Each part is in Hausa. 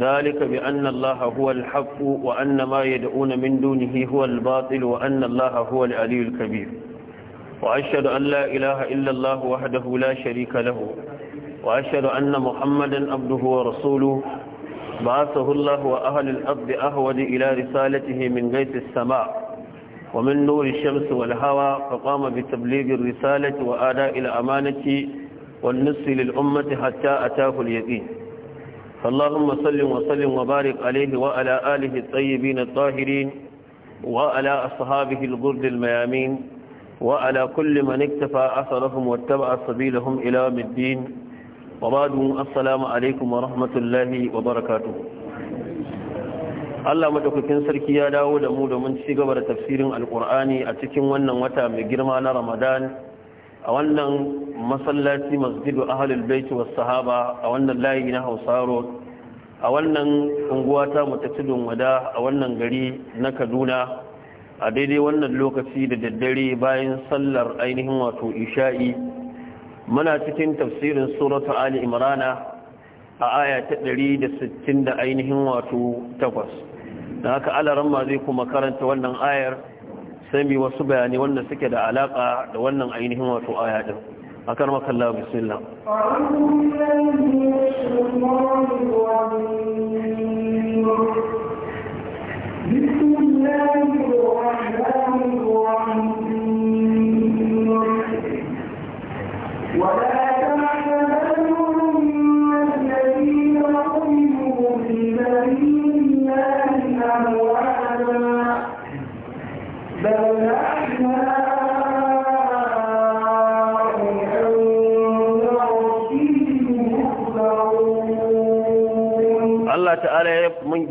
ذلك بأن الله هو الحق وأن ما يدعون من دونه هو الباطل وأن الله هو العلي الكبير وأشهد أن لا إله إلا الله وحده لا شريك له وأشهد أن محمدا عبده ورسوله بعثه الله وأهل الأرض أهود إلى رسالته من بيت السماء ومن نور الشمس والهوى فقام بتبليغ الرسالة وآداء الأمانة والنصر للأمة حتى أتاه اليقين اللهم صل وسلم وبارك عليه وعلى آله الطيبين الطاهرين وعلى أصحابه الغرد الميامين وعلى كل من اكتفى أثرهم واتبع سبيلهم إلى الدين وبعد السلام عليكم ورحمة الله وبركاته Allah madaukakin sarki ya dawo da mu domin ci gaba da tafsirin Alƙur'ani a cikin wannan wata mai girma na Ramadan a wannan masallaci masjidu ahalul baiti was sahaba a wannan layi na road a wannan unguwa ta tudun wada a wannan gari na kaduna a daidai wannan lokaci da daddare bayan sallar ainihin wato isha'i muna cikin tafsirin suratu ali imrana a aya ta 160 da ainihin wato takwas da haka alaran zai kuma karanta wannan ayar sami mu wasu bayanai wanda suke da alaka da wannan ainihin wato aya din akan makalla bismillah bismillah الله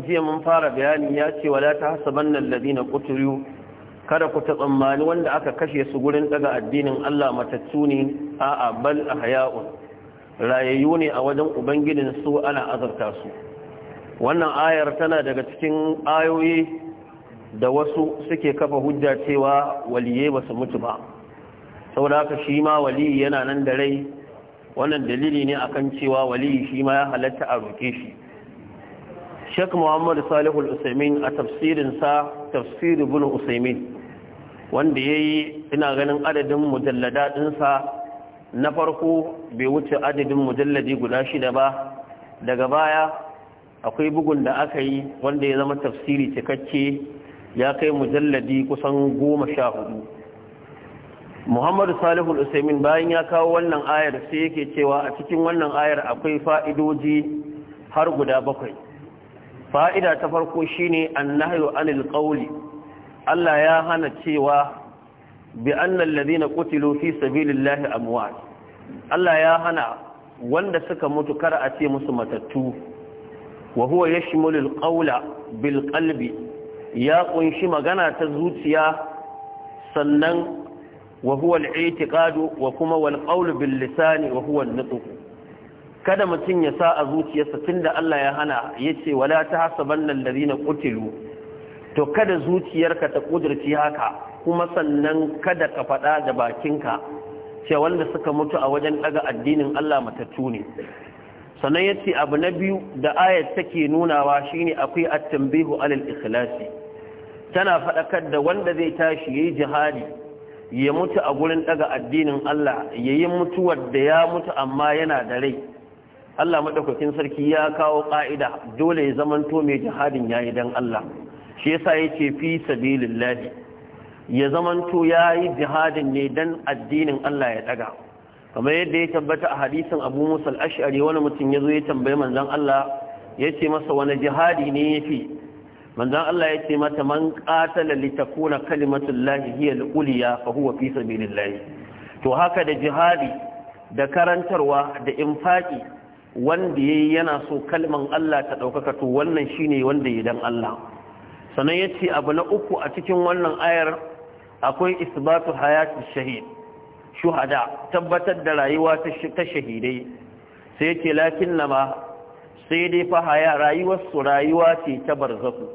jiya mun fara bayani ya ce wa la ta hasabanna alladhina qutilu kada ku tsammani wanda aka kashe su gurin daga addinin Allah matattu ne a'a bal ahya'un rayayyu ne a wajen ubangijin su ana azarta su wannan ayar tana daga cikin ayoyi da wasu suke kafa hujja cewa waliye ba su mutu ba saboda haka shi ma wali yana nan da rai wannan dalili ne akan cewa wali shi ma ya halatta a roke shi Sheikh Muhammad Salihu al-Usaimin a tafsirin sa Tafsir Ibn Usaimin wanda yayi ina ganin adadin mujallada sa na farko bai wuce adadin mujalladi guda shida ba daga baya akwai bugun da aka yi wanda ya zama tafsiri cikakke ya kai mujalladi kusan goma sha hudu muhammadu salihu usaimin bayan ya kawo wannan ayar sai yake cewa a cikin wannan ayar akwai fa'idoji har guda bakwai fa'ida ta farko shine annahyu anil ƙauli Allah ya hana cewa bi annal ladina qutilu fi sabilillahi amwat Allah ya hana wanda suka mutu kar a ce musu matattu wa huwa yashmulu alqawla bil ƙalbi ya ƙunshi magana ta zuciya sannan wa huwa al-i'tiqadu wa kuma wal qawlu bil lisani wa huwa kada mutum ya sa a zuciyarsa tunda Allah ya hana ya ce wala ta hasaban nan na qutilu to kada zuciyarka ta kudirci haka kuma sannan kada ka faɗa da bakinka ce wanda suka mutu a wajen ɗaga addinin Allah matattu ne sannan ya ce abu na biyu da ayat take nunawa shine akwai at-tanbihu alal ikhlasi tana faɗakar da wanda zai tashi yi jihadi ya mutu a gurin ɗaga addinin Allah yayi mutuwar da ya mutu amma yana da rai Allah madaukakin sarki ya kawo ƙa'ida dole ya zamanto mai jihadin yayi dan Allah shi yasa yace fi sabilillahi ya zamanto yayi jihadin ne dan addinin Allah ya daga kamar yadda ya tabbata a hadisin Abu Musa al-Ash'ari wani mutum yazo ya tambaye manzon Allah yace masa wani jihadi ne yafi manzon Allah yace mata man qatala litakuna kalimatullahi hiya al uliya. fa huwa fi sabilillah to haka da jihadi da karantarwa da infaki wanda ya yi yana so kalman Allah ta ɗaukaka to wannan shine wanda ya dan Allah sannan ya ce abu na uku a cikin wannan ayar akwai isbatu hayati shahid shuhada tabbatar da rayuwa ta shahidai sai ce na lakinnama sai dai fa haya rayuwarsu rayuwa ce ta barzaku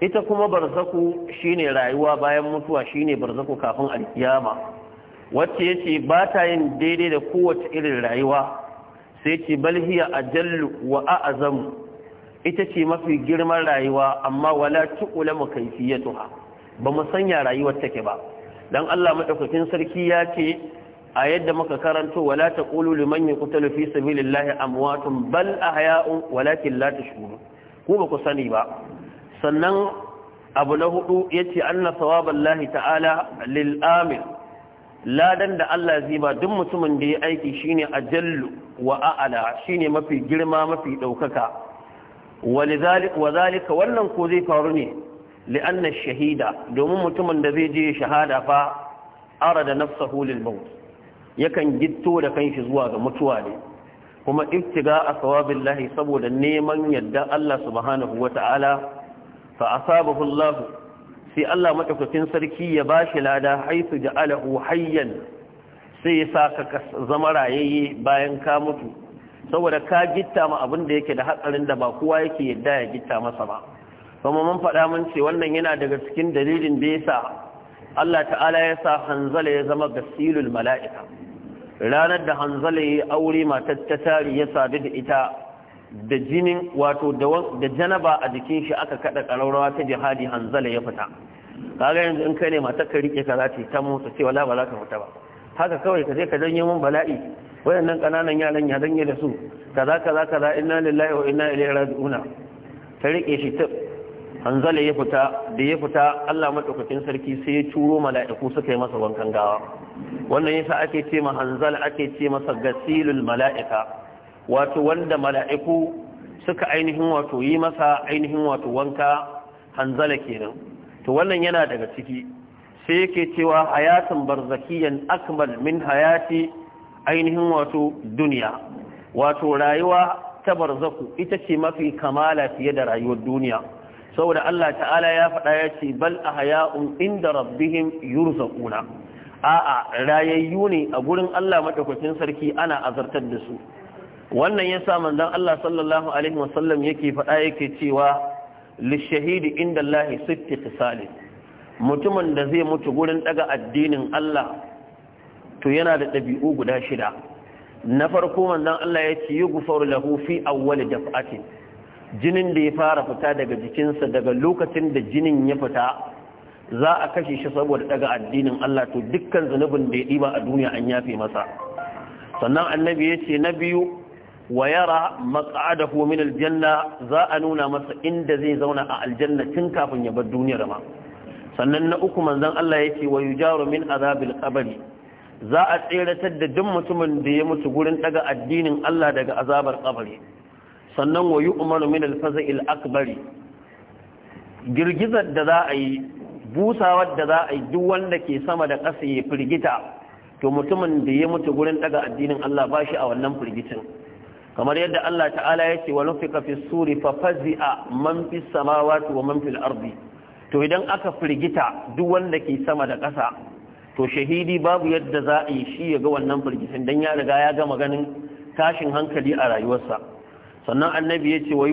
ita kuma barzaku shi ne rayuwa bayan mutuwa shi ne barzaku kafin alkiyama wacce yace ba ta yin daidai da kowace irin rayuwa sai ce bal a jallu wa a'zamu ita ce mafi girman rayuwa amma wala ya tuha ba mu sanya rayuwar take ba dan Allah madaukakin sarki ya ce a yadda muka karanto wala taqulu liman yuqtalu fi sabilillahi amwatun bal haya'un walakin la shuru. ku ba ku sani ba sannan abu na hudu ce anna sawaballahi ta'ala lil ladan da Allah zai ba duk mutumin da ya aiki shine ajallu wa a'ala shine mafi girma mafi daukaka walizalik wazalika wannan ko zai faru ne li'anna shahida domin mutumin da zai je shahada fa arada nafsahu lil maut yakan gitto da kanshi zuwa ga mutuwa ne kuma ibtiga sawabillahi saboda neman yadda Allah subhanahu wata'ala fa asabahu Allah sai Allah madaukakin sarki ya bashi lada haisu ja'alahu hayyan sai ya saka ka zama rayayye bayan ka mutu saboda ka gitta ma abin da yake da hatsarin da ba kowa yake yadda ya gitta masa ba kuma mun faɗa mun ce wannan yana daga cikin dalilin da yasa Allah ta'ala ya sa Hanzala ya zama gasilul mala'ika ranar da Hanzala ya aure matar ta tari ya sadu da ita da jinin wato da janaba a jikin shi aka kada ƙararrawa ta jihadi hanzala ya fita kaga yanzu in kai ne matar ka rike ka za ta ta mota ce wala ba za ka fita ba haka kawai ka je ka janye mun bala'i wayannan kananan yaran ya danye da su kaza kaza kaza inna lillahi wa inna ilaihi raji'una ta rike shi ta hanzala ya fita da ya fita Allah madaukakin sarki sai ya turo mala'iku suka yi masa wankan gawa wannan yasa ake ce ma hanzala ake ce masa gasilul mala'ika wato wanda mala'iku suka ainihin wato yi masa ainihin wato wanka hanzala kenan to wannan yana daga ciki sai yake cewa hayatun barzakiyan akmal min hayati ainihin wato duniya wato rayuwa ta barzaku ita ce mafi kamala fiye da rayuwar duniya saboda Allah ta'ala ya faɗa ya ce bal a haya'un inda rabbihim yurzaquna a'a rayayyu ne a gurin Allah madaukakin sarki ana azartar da su wannan ya sa manzon Allah sallallahu alaihi wasallam yake faɗa yake cewa lishahidi inda Allah sitti tisali mutumin da zai mutu gurin daga addinin Allah to yana da ɗabi'u guda shida na farko manzan Allah ya ce gufar lahu fi da daf'atin jinin da ya fara fita daga jikinsa daga lokacin da jinin ya fita za a kashe shi saboda daga addinin Allah to dukkan zunubin da ya ɗiba a duniya an yafe masa sannan annabi ya ce na biyu wa yara maq'adahu min aljanna za a nuna masa inda zai zauna a aljanna tun kafin ya bar duniyar ma sannan na uku manzon Allah yake wa yujaru min azabil qabri za a tseratar da duk mutumin da ya mutu gurin daga addinin Allah daga azabar kabari sannan wa yu'manu min al akbari girgizar da za a yi busawar da za a yi duk wanda ke sama da ƙasa ya firgita to mutumin da ya mutu gurin daga addinin Allah ba shi a wannan firgitin kamar yadda Allah ta'ala ya ce wa nufika fi suri fa fazi'a man fi samawati wa to idan aka firgita duk wanda ke sama da ƙasa to shahidi babu yadda za a yi shi ya ga wannan firgitin dan ya riga ya gama ganin tashin hankali a rayuwarsa sannan annabi ya ce wa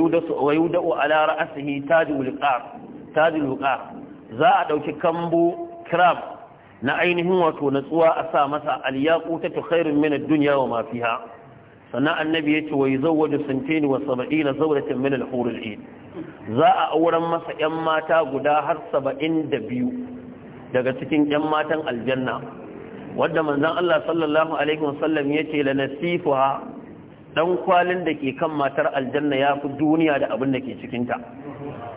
yuda'u ala ra'asihi tajul qar za a ɗauki kambo crab na ainihin wato natsuwa a sa masa aliyaƙu ta khairun min ad-dunya wa mafiha. sannan annabi ya ce wa yuzawwaju santaini wa sab'ina zawjatan min al-hurul ain za a auren masa yan mata guda har saba'in da biyu daga cikin yan matan aljanna wanda manzon Allah sallallahu alaihi wasallam yace la nasifuha dan kwalin da ke kan matar aljanna ya fi duniya da abin da ke cikinta.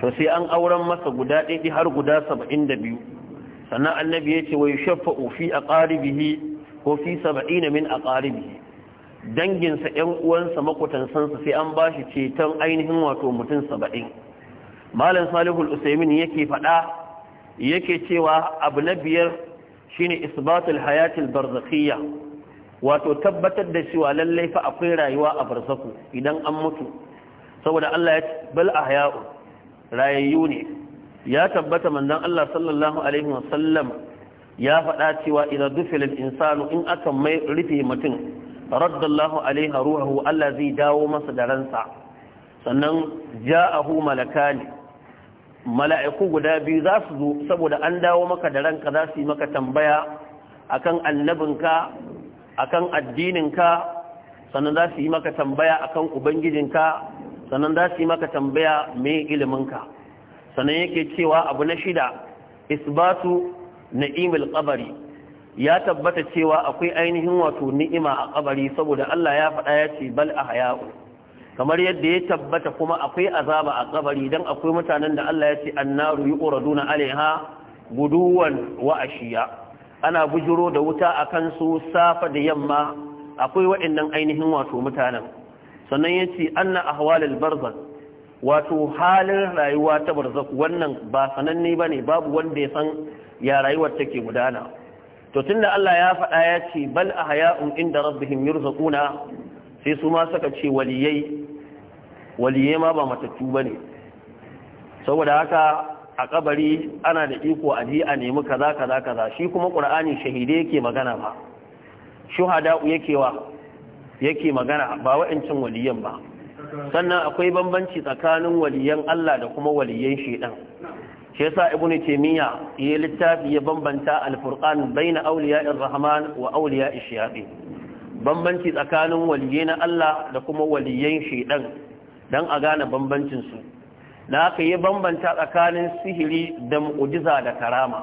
to sai an auren masa guda ɗaiɗi har guda saba'in da 72 sannan annabi yace wa yushaffa'u fi aqaribihi ko fi 70 min a aqaribihi danginsa ‘yan uwansa sansa sai an ba shi ceton ainihin wato mutum saba'in malam salihul usaimin yake faɗa yake cewa abu na biyar shi ne isbatul hayatul Barzakiya, wato tabbatar da cewa lallai fa akwai rayuwa a barzaku idan an mutu saboda Allah ya bal haya'u, rayayyu ne ya tabbata manzon Allah sallallahu ya faɗa cewa idan dufilin insanu in aka mai rufe mutum raddallahu alaiha ruhahu Allah zai dawo masa da ransa sannan ja'ahu malakani mala'iku guda biyu za su zo saboda an dawo maka da ranka za su yi maka tambaya akan annabinka akan addininka sannan za su yi maka tambaya akan ubangijinka sannan za su yi maka tambaya mai iliminka sannan yake cewa abu na shida isbatu na'imul qabari ya tabbata cewa akwai ainihin wato ni'ima a kabari saboda Allah ya faɗa ya ce bal a haya'u kamar yadda ya tabbata kuma akwai azaba a kabari don akwai mutanen da Allah ya ce annaru na alaiha guduwan wa ashiya ana bujiro da wuta akan su safa da yamma akwai waɗannan ainihin wato mutanen sannan ya ce yace anna ahwalul barzan, wato halin rayuwa ta barzakh wannan ba sananne ba ne babu wanda ya san ya rayuwar take gudana to tunda Allah ya faɗa ya ce bal a haya’un inda rabbihim yurzaquna sai su ma suka ce waliyai waliyai ma ba matattu ba bane saboda haka a kabari ana da iko a ji a nemi kaza kaza kaza shi kuma ƙur'ani shahide yake magana ba shuhada yake wa yake magana ba wa'incin waliyan ba sannan akwai bambanci tsakanin waliyan Allah da kuma waliyan shaidan shi yasa ibnu taymiya ya littafi ya bambanta al-furqan baina awliya'ir rahman wa awliya'ish shayatin bambanci tsakanin waliyai na Allah da kuma waliyan shedan dan a gane bambancin su na aka yi bambanta tsakanin sihiri da mu'jiza da karama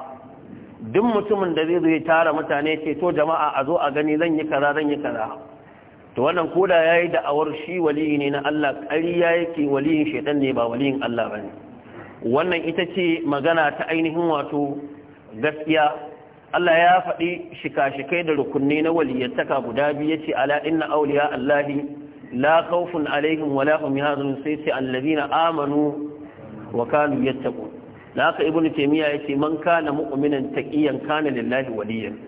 duk mutumin da zai zo ya tara mutane ce to jama'a a zo a gani zan yi kaza zan yi kaza to wannan koda yayi da'awar shi waliyi ne na Allah ƙarya yake waliyin shedan ne ba waliyin Allah bane wannan ita ce magana ta ainihin wato gaskiya Allah ya faɗi shika-shikai da rukunni na waliyattaka guda biyu yace ala inna awliya Allahi la kaufin alaihin wala hum yahzanun sai ce na amanu wa kanu yattaqun da haka ibnu taymiya yace man kana mu'minan taqiyan kana lillahi waliyan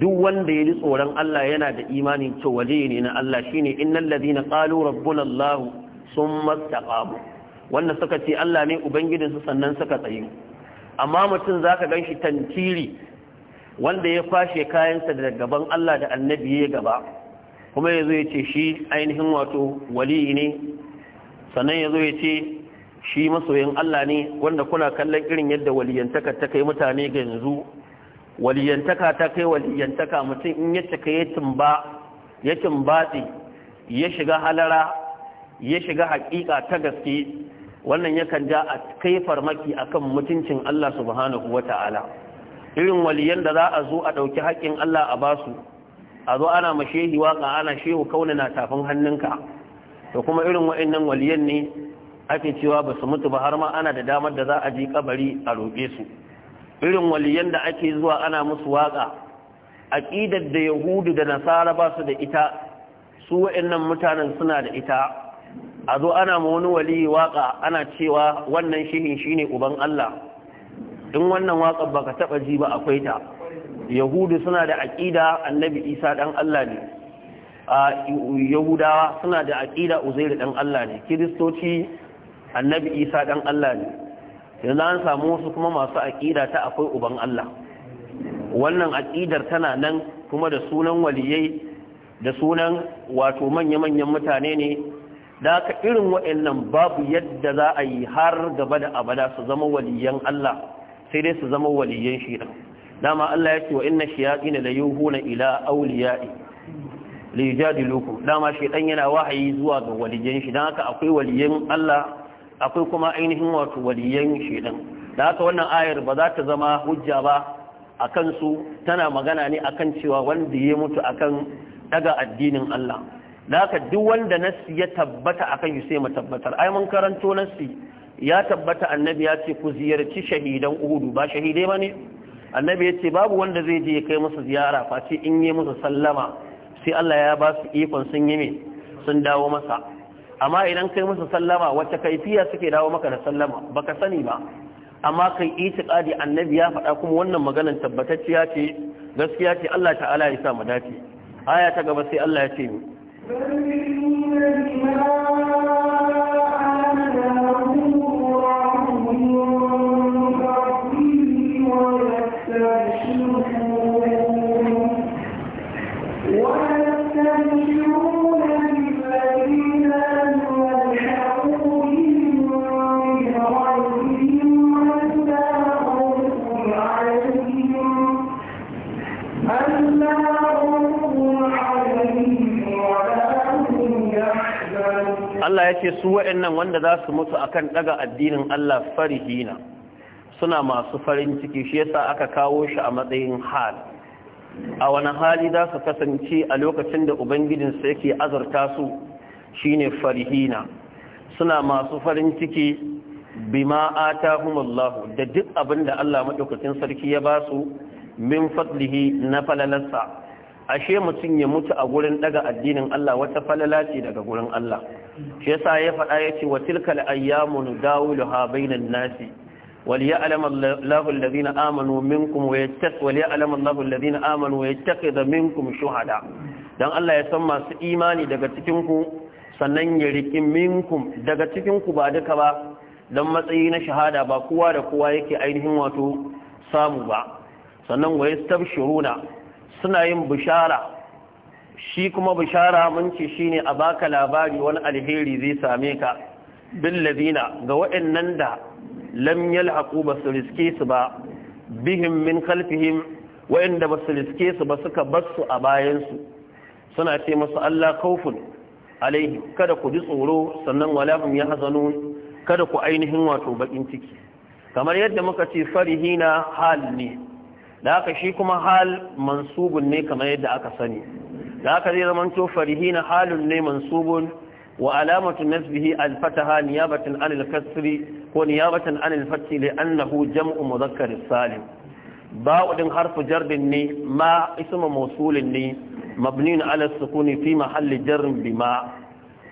duk wanda ya ji tsoron Allah yana da imanin cewa waliyi ne na Allah shine innal ladina qalu rabbuna Allah summa istaqamu wanda suka ce Allah ne ubangijinsu sannan suka tsayi amma mutum zaka ganshi tantiri wanda ya kwashe kayansa daga gaban Allah da annabi ya gaba kuma ya zo ya ce shi ainihin wato wali ne sannan ya zo ya ce shi masoyin Allah ne wanda kuna kallon irin yadda waliyantaka ta kai mutane ga yanzu waliyantaka ta kai waliyantaka mutum in ya cika ya tumba ya ya shiga halara ya shiga hakika ta gaske wannan yakan ja a kai farmaki a kan mutuncin Allah subhanahu Ta'ala. irin waliyan da za a zo a ɗauki haƙƙin Allah a basu a zo ana mashehi waƙa ana shehu kauna na tafin hannunka da kuma irin wa'annan waliyan ne ake cewa ba su mutu ba har ma ana da damar da za a ji kabari a roƙe su irin waliyan da ake zuwa ana musu waƙa aƙidar da yahudu da nasara ba su da ita su wa'annan mutanen suna da ita a zo ana ma wani wali waka ana cewa wannan shi shine uban Allah in wannan wakar baka taɓa ji ba akwai ta yahudu suna da aƙida annabi isa ɗan Allah ne yahudawa suna da aƙida uzairu ɗan Allah ne kiristoci annabi isa ɗan Allah ne yanzu an samu wasu kuma masu aƙida ta akwai uban Allah wannan aƙidar tana nan kuma da sunan waliyai da sunan wato manya-manyan mutane ne da haka irin wa'annan babu yadda za a yi har gaba da abada su zama waliyan Allah sai dai su zama waliyan shi dama Allah ya ce wa inna na la yuhuna ila awliya'i li yujadilukum dama ɗan yana wahayi zuwa ga waliyan shi dan haka akwai waliyan Allah akwai kuma ainihin wato waliyan ɗan. Da haka wannan ayar ba za ta zama hujja ba akan su tana magana ne akan cewa wanda ya mutu akan ɗaga addinin Allah haka duk wanda nassi ya tabbata akan yi sai mu tabbatar ai mun karanto nassi ya tabbata annabi ya ce ku ziyarci shahidan uhudu ba shahidai bane annabi ya ce babu wanda zai je ya kai musu ziyara face in yi musu sallama sai Allah ya ba su ikon sun yi me sun dawo masa amma idan kai musu sallama wacce kaifiya suke dawo maka da sallama baka sani ba amma kai itiqadi annabi ya faɗa kuma wannan maganar tabbatacciya ce gaskiya ce Allah ta'ala ya sa mu dace aya ta gaba sai Allah ya ce mu مؤمنين بما ya ce su waɗannan wanda za su mutu kan ɗaga addinin Allah farihina suna masu farin ciki shi yasa aka kawo shi a matsayin hal a wani hali za su kasance a lokacin da su yake azurta su shine farihina suna masu farin ciki ta atahumullahu da duk abin da Allah maɗaukacin sarki ya ba su min fadlihi na falalarsa ashe mutum ya mutu a gurin daga addinin Allah wata falala ce daga gurin Allah shi yasa ya faɗa yace wa tilkal ayyamu nudawuluha bainan nasi wal ya'lamu Allahu alladhina amanu minkum wa yattaq wal ya'lamu Allahu alladhina amanu wa minkum shuhada dan Allah ya san masu imani daga cikin ku sannan ya riki minkum daga cikin ku ba duka ba dan matsayi na shahada ba kowa da kowa yake ainihin wato samu ba sannan wa yastabshiruna suna yin bishara shi kuma bishara mun ce shine a baka labari wani alheri zai same ka bil ladina ga nan da lam yalhaqu basu riske su ba bihim min khalfihim ba basu riske su ba suka basu a bayansu suna ce musu Allah kaufin alaihi kada ku ji tsoro sannan wala hum yahzanun kada ku ainihin wato bakin ciki kamar yadda muka ce farihina hal ne da haka shi kuma hal mansubun ne kamar yadda aka sani da haka zai zama to na halun ne mansubun wa alamatu nasbihi alfataha fataha niyabatan an al ko niyabatan an al li annahu jam'u mudhakkar salim ba din harfu jarbin ne ma ismu mawsulin ne mabniun ala sukuni fi mahalli jarrin bima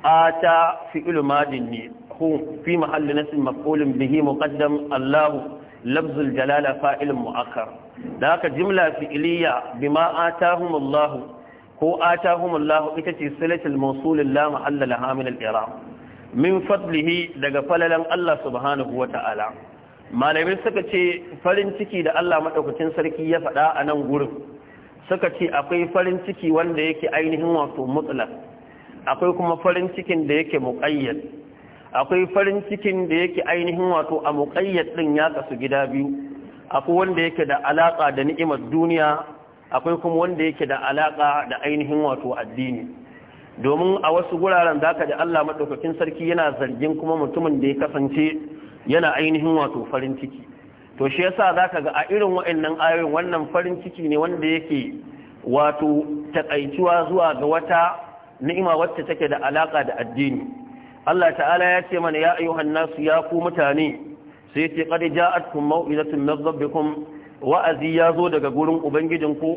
ata fi'lu madin ne ko fi mahalli nasb maf'ulun bihi muqaddam Allahu lafzul jalala fa'ilun mu'akkar da haka jimla fi'iliyya, bima atahumullahu ko atahumullahu ita ce silatul mawsulil la mahalla laha min fadlihi daga falalan Allah subhanahu wata'ala Malamin suka ce farin ciki da Allah maɗaukacin sarki ya faɗa a nan gurin suka ce akwai farin ciki wanda yake ainihin wato mutlaq akwai kuma farin cikin da yake muqayyad akwai farin cikin da yake ainihin wato a muƙayyad ɗin ya kasu gida biyu akwai wanda yake da alaƙa da ni'imar duniya akwai kuma wanda yake da alaƙa da ainihin wato addini domin a wasu guraren za ka ji Allah maɗaukakin sarki yana zargin kuma mutumin da ya kasance yana ainihin wato farin ciki to shi yasa za ka ga a irin wa'annan ayoyin wannan farin ciki ne wanda yake wato taƙaituwa zuwa ga wata ni'ima wacce take da alaƙa da addini Allah ta'ala ya ce mana ya ayyuhan nasu ya ku mutane sai ce qad ja'atkum mau'izatun min rabbikum wa'azi ya zo daga gurin ubangijinku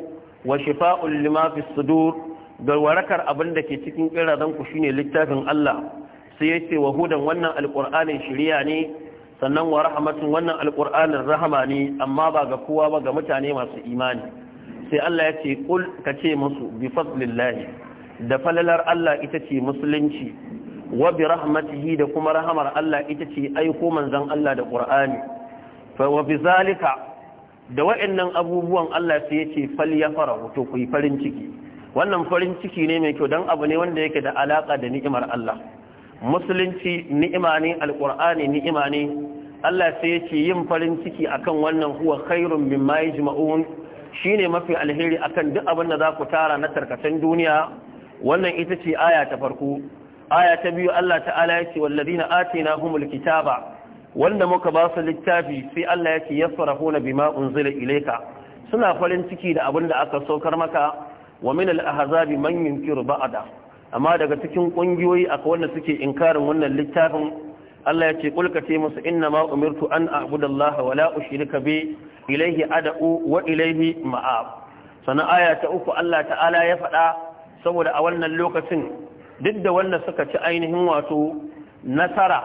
wa shifa'un lima fi sudur ga warakar abin da ke cikin kirazan ku shine littafin Allah sai yace wa hudan wannan alqur'anin shiriya ne sannan wa rahmatun wannan alqur'anin rahama ne amma ba ga kowa ba ga mutane masu imani sai Allah yace kul kace musu bi fadlillahi da falalar Allah ita ce musulunci wa bi rahmatihi da kuma rahamar Allah ita ce aiko manzon Allah da Qur'ani fa wa bi zalika da wa'annan abubuwan Allah sai yace fal yafara to kuyi farin ciki wannan farin ciki ne mai kyau dan abu ne wanda yake da alaka da ni'imar Allah musulunci ni'ima ne alqur'ani ni'ima ne Allah sai yace yin farin ciki akan wannan huwa khairun mimma yajma'un shine mafi alheri akan duk abin da za ku tara na tarkacen duniya wannan ita ce aya ta farko aya ta biyu Allah ta'ala ya ce walladina atinahumul kitaba wanda muka ba su littafi sai Allah ya ce yasrahuna bima unzila ilayka suna farin ciki da abin da aka saukar maka wa min al-ahzabi man yunkiru ba'da amma daga cikin kungiyoyi aka wanda suke inkarin wannan littafin Allah ya ce kulka ce musu inna ma umirtu an a'budallaha wa la ushrika bi ilayhi ad'u wa ilayhi ma'ab sana aya ta uku Allah ta'ala ya faɗa saboda a wannan lokacin duk da wanda suka ci ainihin wato nasara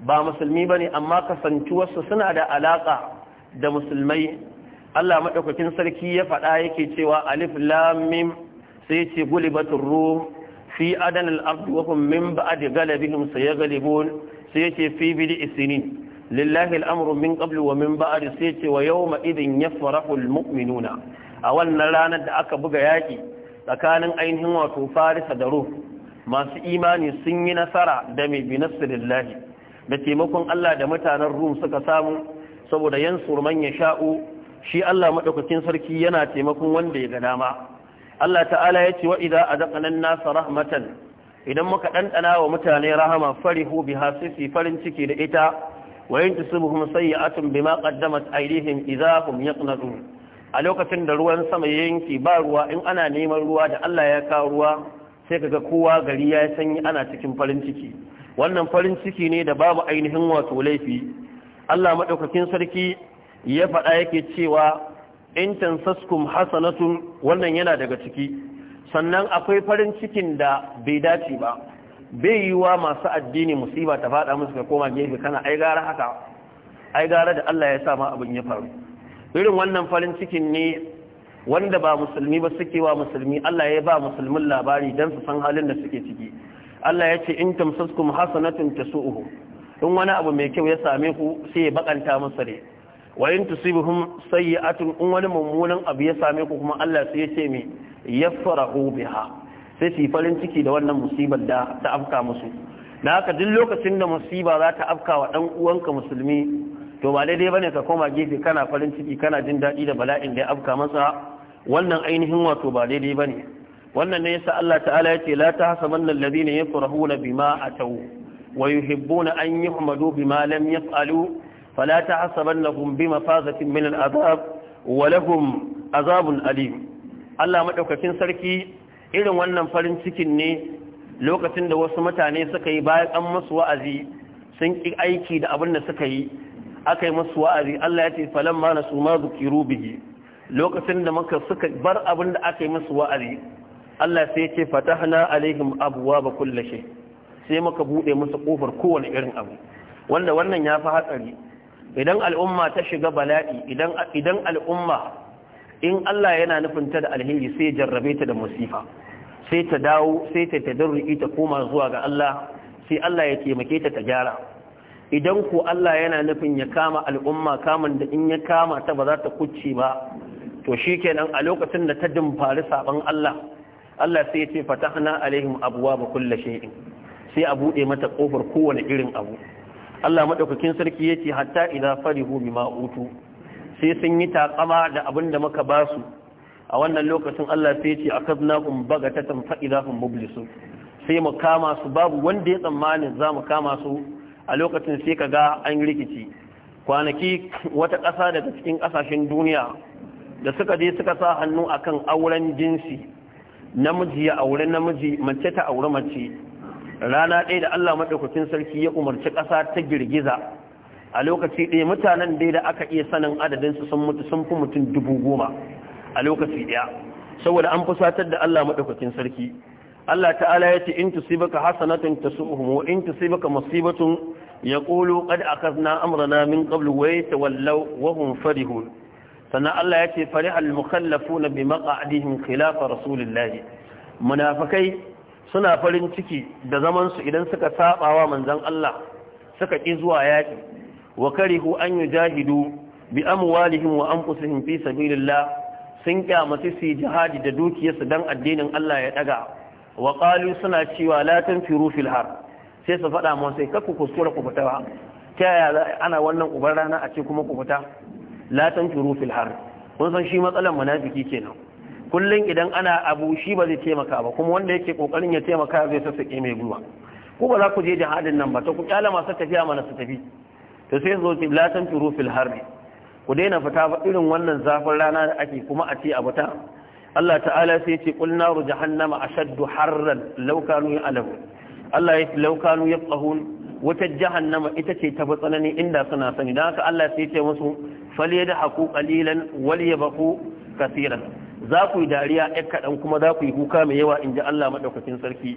ba musulmi ba ne amma kasancewarsu suna da alaƙa da musulmai Allah maɗaukakin sarki ya faɗa yake cewa alif lamim sai ce gulibatun rum fi adan al'abdu wa kun min ba'ad galabihim sayagalibun sai ce fi bidi isinin lillahi al'amru min qablu wa min ba'ad sai ce wa yawma idin yafrahu muminuna a wannan ranar da aka buga yaƙi tsakanin ainihin wato farisa da ruh masu imani sun yi nasara da mai bi nasirillahi da taimakon Allah da mutanen Rum suka samu saboda yansur man ya sha'u shi Allah maɗaukakin sarki yana taimakon wanda ya ga dama Allah ta'ala ya ce wa idza adaqana nasa rahmatan idan muka dandana wa mutane rahama farihu biha sisi farin ciki da ita wa yantusibuhum sayyi'atun bima qaddamat aydihim idza hum yaqnadun a lokacin da ruwan sama ya yanki ba ruwa in ana neman ruwa da Allah ya kawo ruwa sai kaga kowa gari ya sanyi ana cikin farin ciki wannan farin ciki ne da babu ainihin wato laifi Allah madaukakin sarki ya faɗa yake cewa in tansaskum hasanatun wannan yana daga ciki sannan akwai farin cikin da bai dace ba bai wa masu addini musiba ta faɗa musu ka koma gefe kana ai gara haka ai gara da Allah ya sa ma abin ya faru irin wannan farin cikin ne wanda ba musulmi ba suke wa musulmi Allah ya ba musulmin labari dan su san halin da suke ciki Allah ya ce in tamsaskum hasanatun tasu'uhu in wani abu mai kyau ya same ku sai ya bakanta musu ne wa in tusibuhum sayyi'atun in wani mummunan abu ya same ku kuma Allah sai ya ce me yafrahu biha sai su farin ciki da wannan musibar da ta afka musu da haka duk lokacin da musiba za ta afka wa dan uwanka musulmi to ba daidai bane ka koma gefe kana farin ciki kana jin daɗi da bala'in da ya afka masa wannan ainihin wato ba daidai ba ne wannan ne yasa Allah ta'ala ya ce la ta hasabanna alladhina na bima ataw wa na an yuhmadu bima lam yaf'alu fala tahsabannahum bimafazatin min azab. wa lahum azabun alim Allah madaukakin sarki irin wannan farin cikin ne lokacin da wasu mutane suka yi bayan an masu wa'azi sun ƙi aiki da abin da suka yi aka yi masu wa'azi Allah ya ce falamma nasu ma zukiru bihi lokacin da maka suka bar abin da aka yi musu wa'azi Allah sai ya ce fatahna alaihim ba kulla shi. sai muka bude musu kofar kowane irin abu wanda wannan ya fi hatsari idan al'umma ta shiga bala'i idan al'umma in Allah yana nufin ta da alheri sai jarrabe ta da musifa sai ta dawo sai ta tadarruki ta koma zuwa ga Allah sai Allah ya taimake ta ta gyara idan ko Allah yana nufin ya kama al'umma kamun da in ya kama ta ba za ta kucce ba to shi kenan a lokacin da ta dimfari sabon Allah Allah sai ya ce fatahna alaihim ba kulli shay'in sai a bude mata kofar kowane irin abu Allah maɗaukakin sarki yace hatta idza fari bima utu sai sun yi taƙama da abin da muka ba su a wannan lokacin Allah sai ya ce akadnakum bagatatan fa idza hum mublisu sai mu kama su babu wanda ya tsammanin za mu kama su a lokacin sai ka ga an rikici kwanaki wata ƙasa daga cikin ƙasashen duniya da suka je suka sa hannu akan auren jinsi namiji ya aure namiji mace ta aure mace rana ɗaya da Allah madaukakin sarki ya umarci ƙasa ta girgiza a lokaci ɗaya mutanen dai da aka iya sanin su sun mutu sun fi mutum dubu goma a lokaci ɗaya saboda an fusatar da Allah madaukakin sarki Allah ta'ala ya ce in tusibaka hasanatun tasuhum wa in tusibaka musibatun yaqulu qad akhadna amrana min qablu wa yatawallaw wa hum farihun sannan Allah ya ce fari al na bi maq'adihim khilafa rasulillahi Munafakai suna farin ciki da zaman su idan suka sabawa manzon Allah suka ki zuwa yaki wa karihu an yujahidu bi amwalihim wa anfusihim fi sabilillah sun kyamace su jihadi da dukiyarsu dan addinin Allah ya ɗaga. wa suna cewa latin firu fil har sai su faɗa mu sai kakku kuskura ku fita ta yaya ana wannan uban rana a ce kuma ku fita Latan turu fil har kun san shi matsalan munafiki kenan kullun idan ana abu shi ba zai taimaka ba kuma wanda yake kokarin ya taimaka zai sassake mai gwiwa ko ba za ku je jihadin nan ba ta ku kyala masu tafiya mana su tafi to sai zo ki latan turu fil har ku daina fita ba irin wannan zafin rana da ake kuma a ce a ta Allah ta'ala sai ce qul naru jahannama ashaddu harran law kanu ya'lamun Allah ya law kanu yafqahun wata jahannama ita ce ta tsanani inda suna sani dan haka Allah sai ce musu Fali da wali ya walyabqu kasiran. za ku yi dariya ɗan kaɗan kuma za ku yi kuka mai yawa in ji Allah maɗaukakin sarki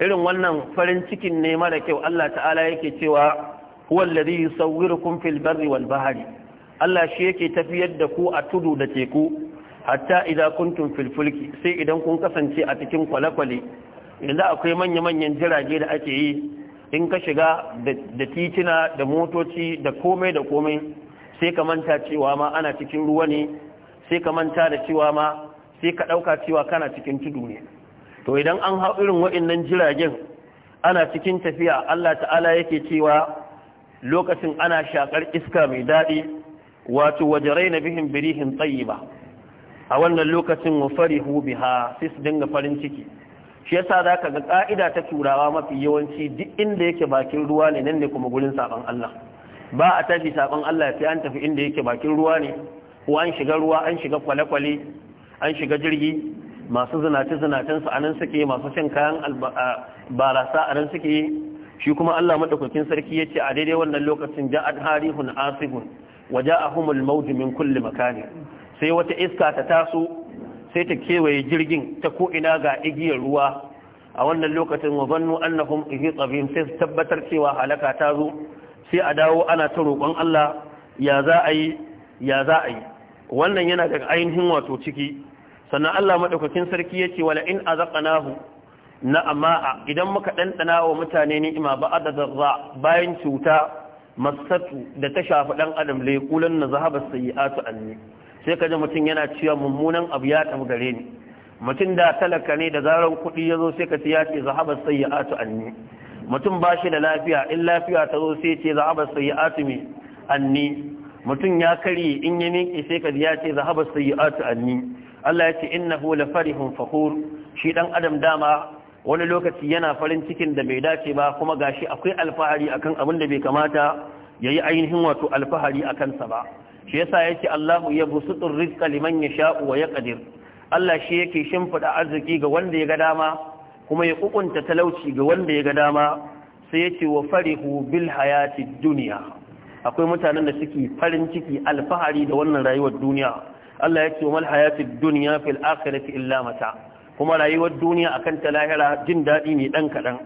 irin wannan farin cikin ne mara kyau Allah ta'ala yake cewa huwa alladhi kun fil barri wal bahri Allah shi yake tafiyar da ku a tudu da teku hatta idza kuntum fil fulki sai idan kun kasance a cikin kwale-kwale yanzu akwai manya-manyan jirage da ake yi in ka shiga da titina da motoci da komai da komai sai ka manta cewa ma ana cikin ruwa ne sai ka manta da cewa ma sai ka ɗauka cewa kana cikin tudu ne to idan an hau irin waɗannan jiragen ana cikin tafiya Allah ta'ala yake cewa lokacin ana shakar iska mai daɗi wato waje na bihin birihin tsayi ba a wannan lokacin wa farihu biha sai su dinga farin ciki shi yasa za ka ga ƙa'ida ta turawa mafi yawanci duk inda yake bakin ruwa ne nan ne kuma gurin saɓan Allah ba a tashi sabon Allah sai an tafi inda yake bakin ruwa ne ko an shiga ruwa an shiga kwale-kwale an shiga jirgi masu zinace-zinacen su anan suke masu cin kayan barasa anan suke shi kuma Allah madaukakin sarki yace a daidai wannan lokacin ja'ad harihun asifun waja'ahumul maut min kulli makani sai wata iska ta taso sai ta kewaye jirgin ta ko ina ga igiyar ruwa a wannan lokacin wa bannu annahum ihi bihim sai tabbatar cewa halaka ta zo sai a dawo ana ta roƙon Allah ya za a yi ya za a yi wannan yana daga ainihin wato ciki sannan Allah madaukakin sarki ya ce wala in azaqnahu na'ama idan muka dandana wa mutane ni'ima da zarra bayan cuta masatu da ta shafi ɗan adam lai kulan na zahaba sayyi'atu anni sai kaje mutum yana cewa mummunan abu ya tafi gare ni mutum da talaka ne da zarar kuɗi ya zo sai ka ce ya ce zahaba sayyi'atu anni mutum ba shi da lafiya in lafiya ta zo sai ce zahaba sayyi'atu mi anni mutum ya karye in ya miƙe sai ka ya ce zahaba sayyi'atu anni Allah ya ce innahu la farihun fakhur shi dan adam dama wani lokaci yana farin cikin da bai dace ba kuma gashi akwai alfahari akan abin da bai kamata yayi ainihin wato alfahari akan sa ba shi yasa ce, Allahu yabsutur rizqa liman yasha'u wa yaqdir Allah shi yake shimfida arziki ga wanda ya ga dama kuma ya kukunta talauci ga wanda ya ga dama sai ya ce wa farihu bil hayati duniya akwai mutanen da suke farin ciki alfahari da wannan rayuwar duniya Allah ya ce wa mal hayati duniya fil akhirati illa mata kuma rayuwar duniya akan ta lahira jin daɗi ne dan kaɗan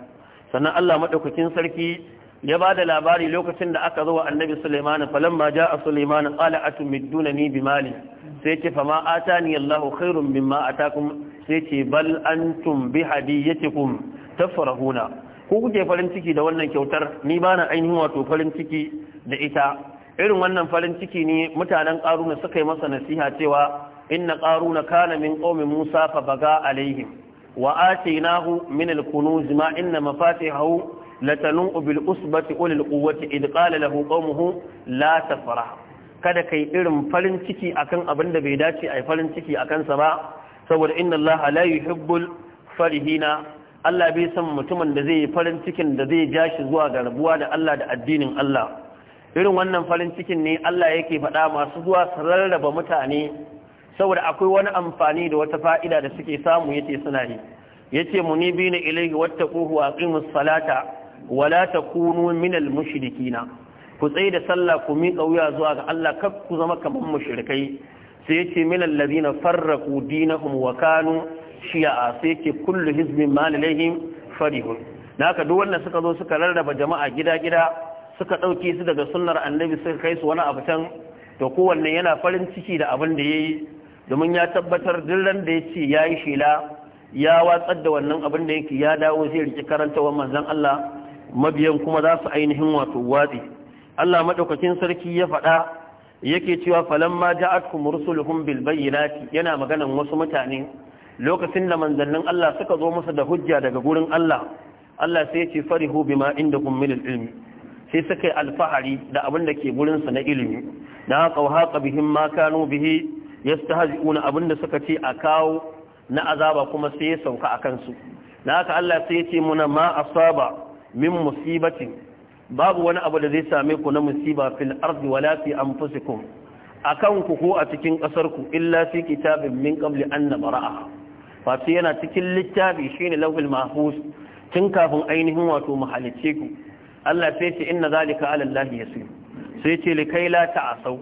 sannan Allah maɗaukakin sarki ya ba da labari lokacin da aka zo wa annabi a falamma ja'a Sulaiman qala atumidunani bimali sai ce fama atani Allahu khairun mimma atakum sai ce bal antum bi hadiyatikum tafrahuna ko kuke farin ciki da wannan kyautar ni bana ainihin wato farin ciki da ita irin wannan farin ciki ne mutanen karuna suka yi masa nasiha cewa inna karuna kana min qaumi Musa fa baga alaihim wa atainahu min al-kunuz ma inna mafatihahu latanu bil usbati ulil quwwati id qala lahu qaumuhu la tafrah kada ka yi irin farin ciki akan abin da bai dace ai farin ciki akan sa ba saboda inna Allah la yuhibbul farihina Allah bai san mutumin da zai yi farin cikin da zai ja shi zuwa ga rabuwa da Allah da addinin Allah irin wannan farin cikin ne Allah yake faɗa masu zuwa su rarraba mutane saboda akwai wani amfani da wata fa'ida da suke samu yace suna yi yace munibina ilayhi wattaquhu wa aqimus salata wala takunu minal mushrikina ku tsaye da sallah ku miƙa wuya zuwa ga Allah kar ku zama kamar mushrikai sai yace min allazina farraqu dinahum wa kanu shi'a sai yace kullu hizbin ma lalaihim farihun naka duk wanda suka zo suka rarraba jama'a gida-gida suka dauke su daga sunnar annabi suka kai su wani abu can to kowanne yana farin ciki da abin da yayi domin ya tabbatar duk ran da yace yayi shila ya watsar da wannan abin da yake ya dawo zai riki karantawar manzon Allah mabiyan kuma za su ainihin wato watsi Allah maɗaukakin sarki ya faɗa yake cewa falamma ja'atkum rusuluhum bil bayyinati yana maganan wasu mutane lokacin da manzannin Allah suka zo masa da hujja daga gurin Allah Allah sai ya ce farihu bima indakum min ilmi sai suka yi alfahari da abin da ke gurin na ilimi da haka wa haka bihim ma kanu bihi yastahzi'una abin da suka ce a kawo na azaba kuma sai ya sauka akan su da haka Allah sai ya ce muna ma asaba min musibatin babu wani abu da zai same ku na musiba fil ardi wala fi anfusikum akan ku ko a cikin kasar ku illa fi kitabin min qabli an nabra'a fa yana cikin littafi shine lawhul mahfuz tun kafin ainihin wato mahalice ku Allah sai ce inna zalika ala Allah yasir sai ce likai la ta'asau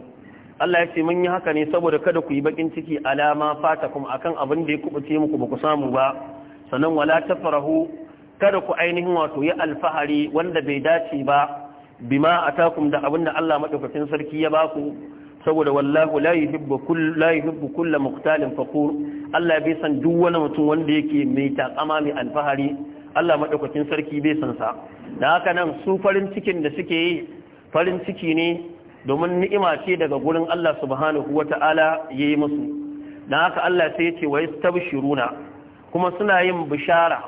Allah ya ce mun yi haka ne saboda kada ku yi bakin ciki alama kuma akan abin da ya kubuce muku ba ku samu ba sannan wala tafrahu kada ku ainihin wato ya alfahari wanda bai dace ba bima atakum da abinda Allah madaukakin sarki ya baku saboda wallahu la yuhibbu kull la yuhibbu kull muqtalin faqur Allah bai san duk wani mutum wanda yake mai takama mai alfahari Allah madaukakin sarki bai san sa da haka nan su farin cikin da suke yi farin ciki ne domin ni'ima ce daga gurin Allah subhanahu wata'ala yayi musu dan haka Allah sai ya ce wa yastabshiruna kuma suna yin bishara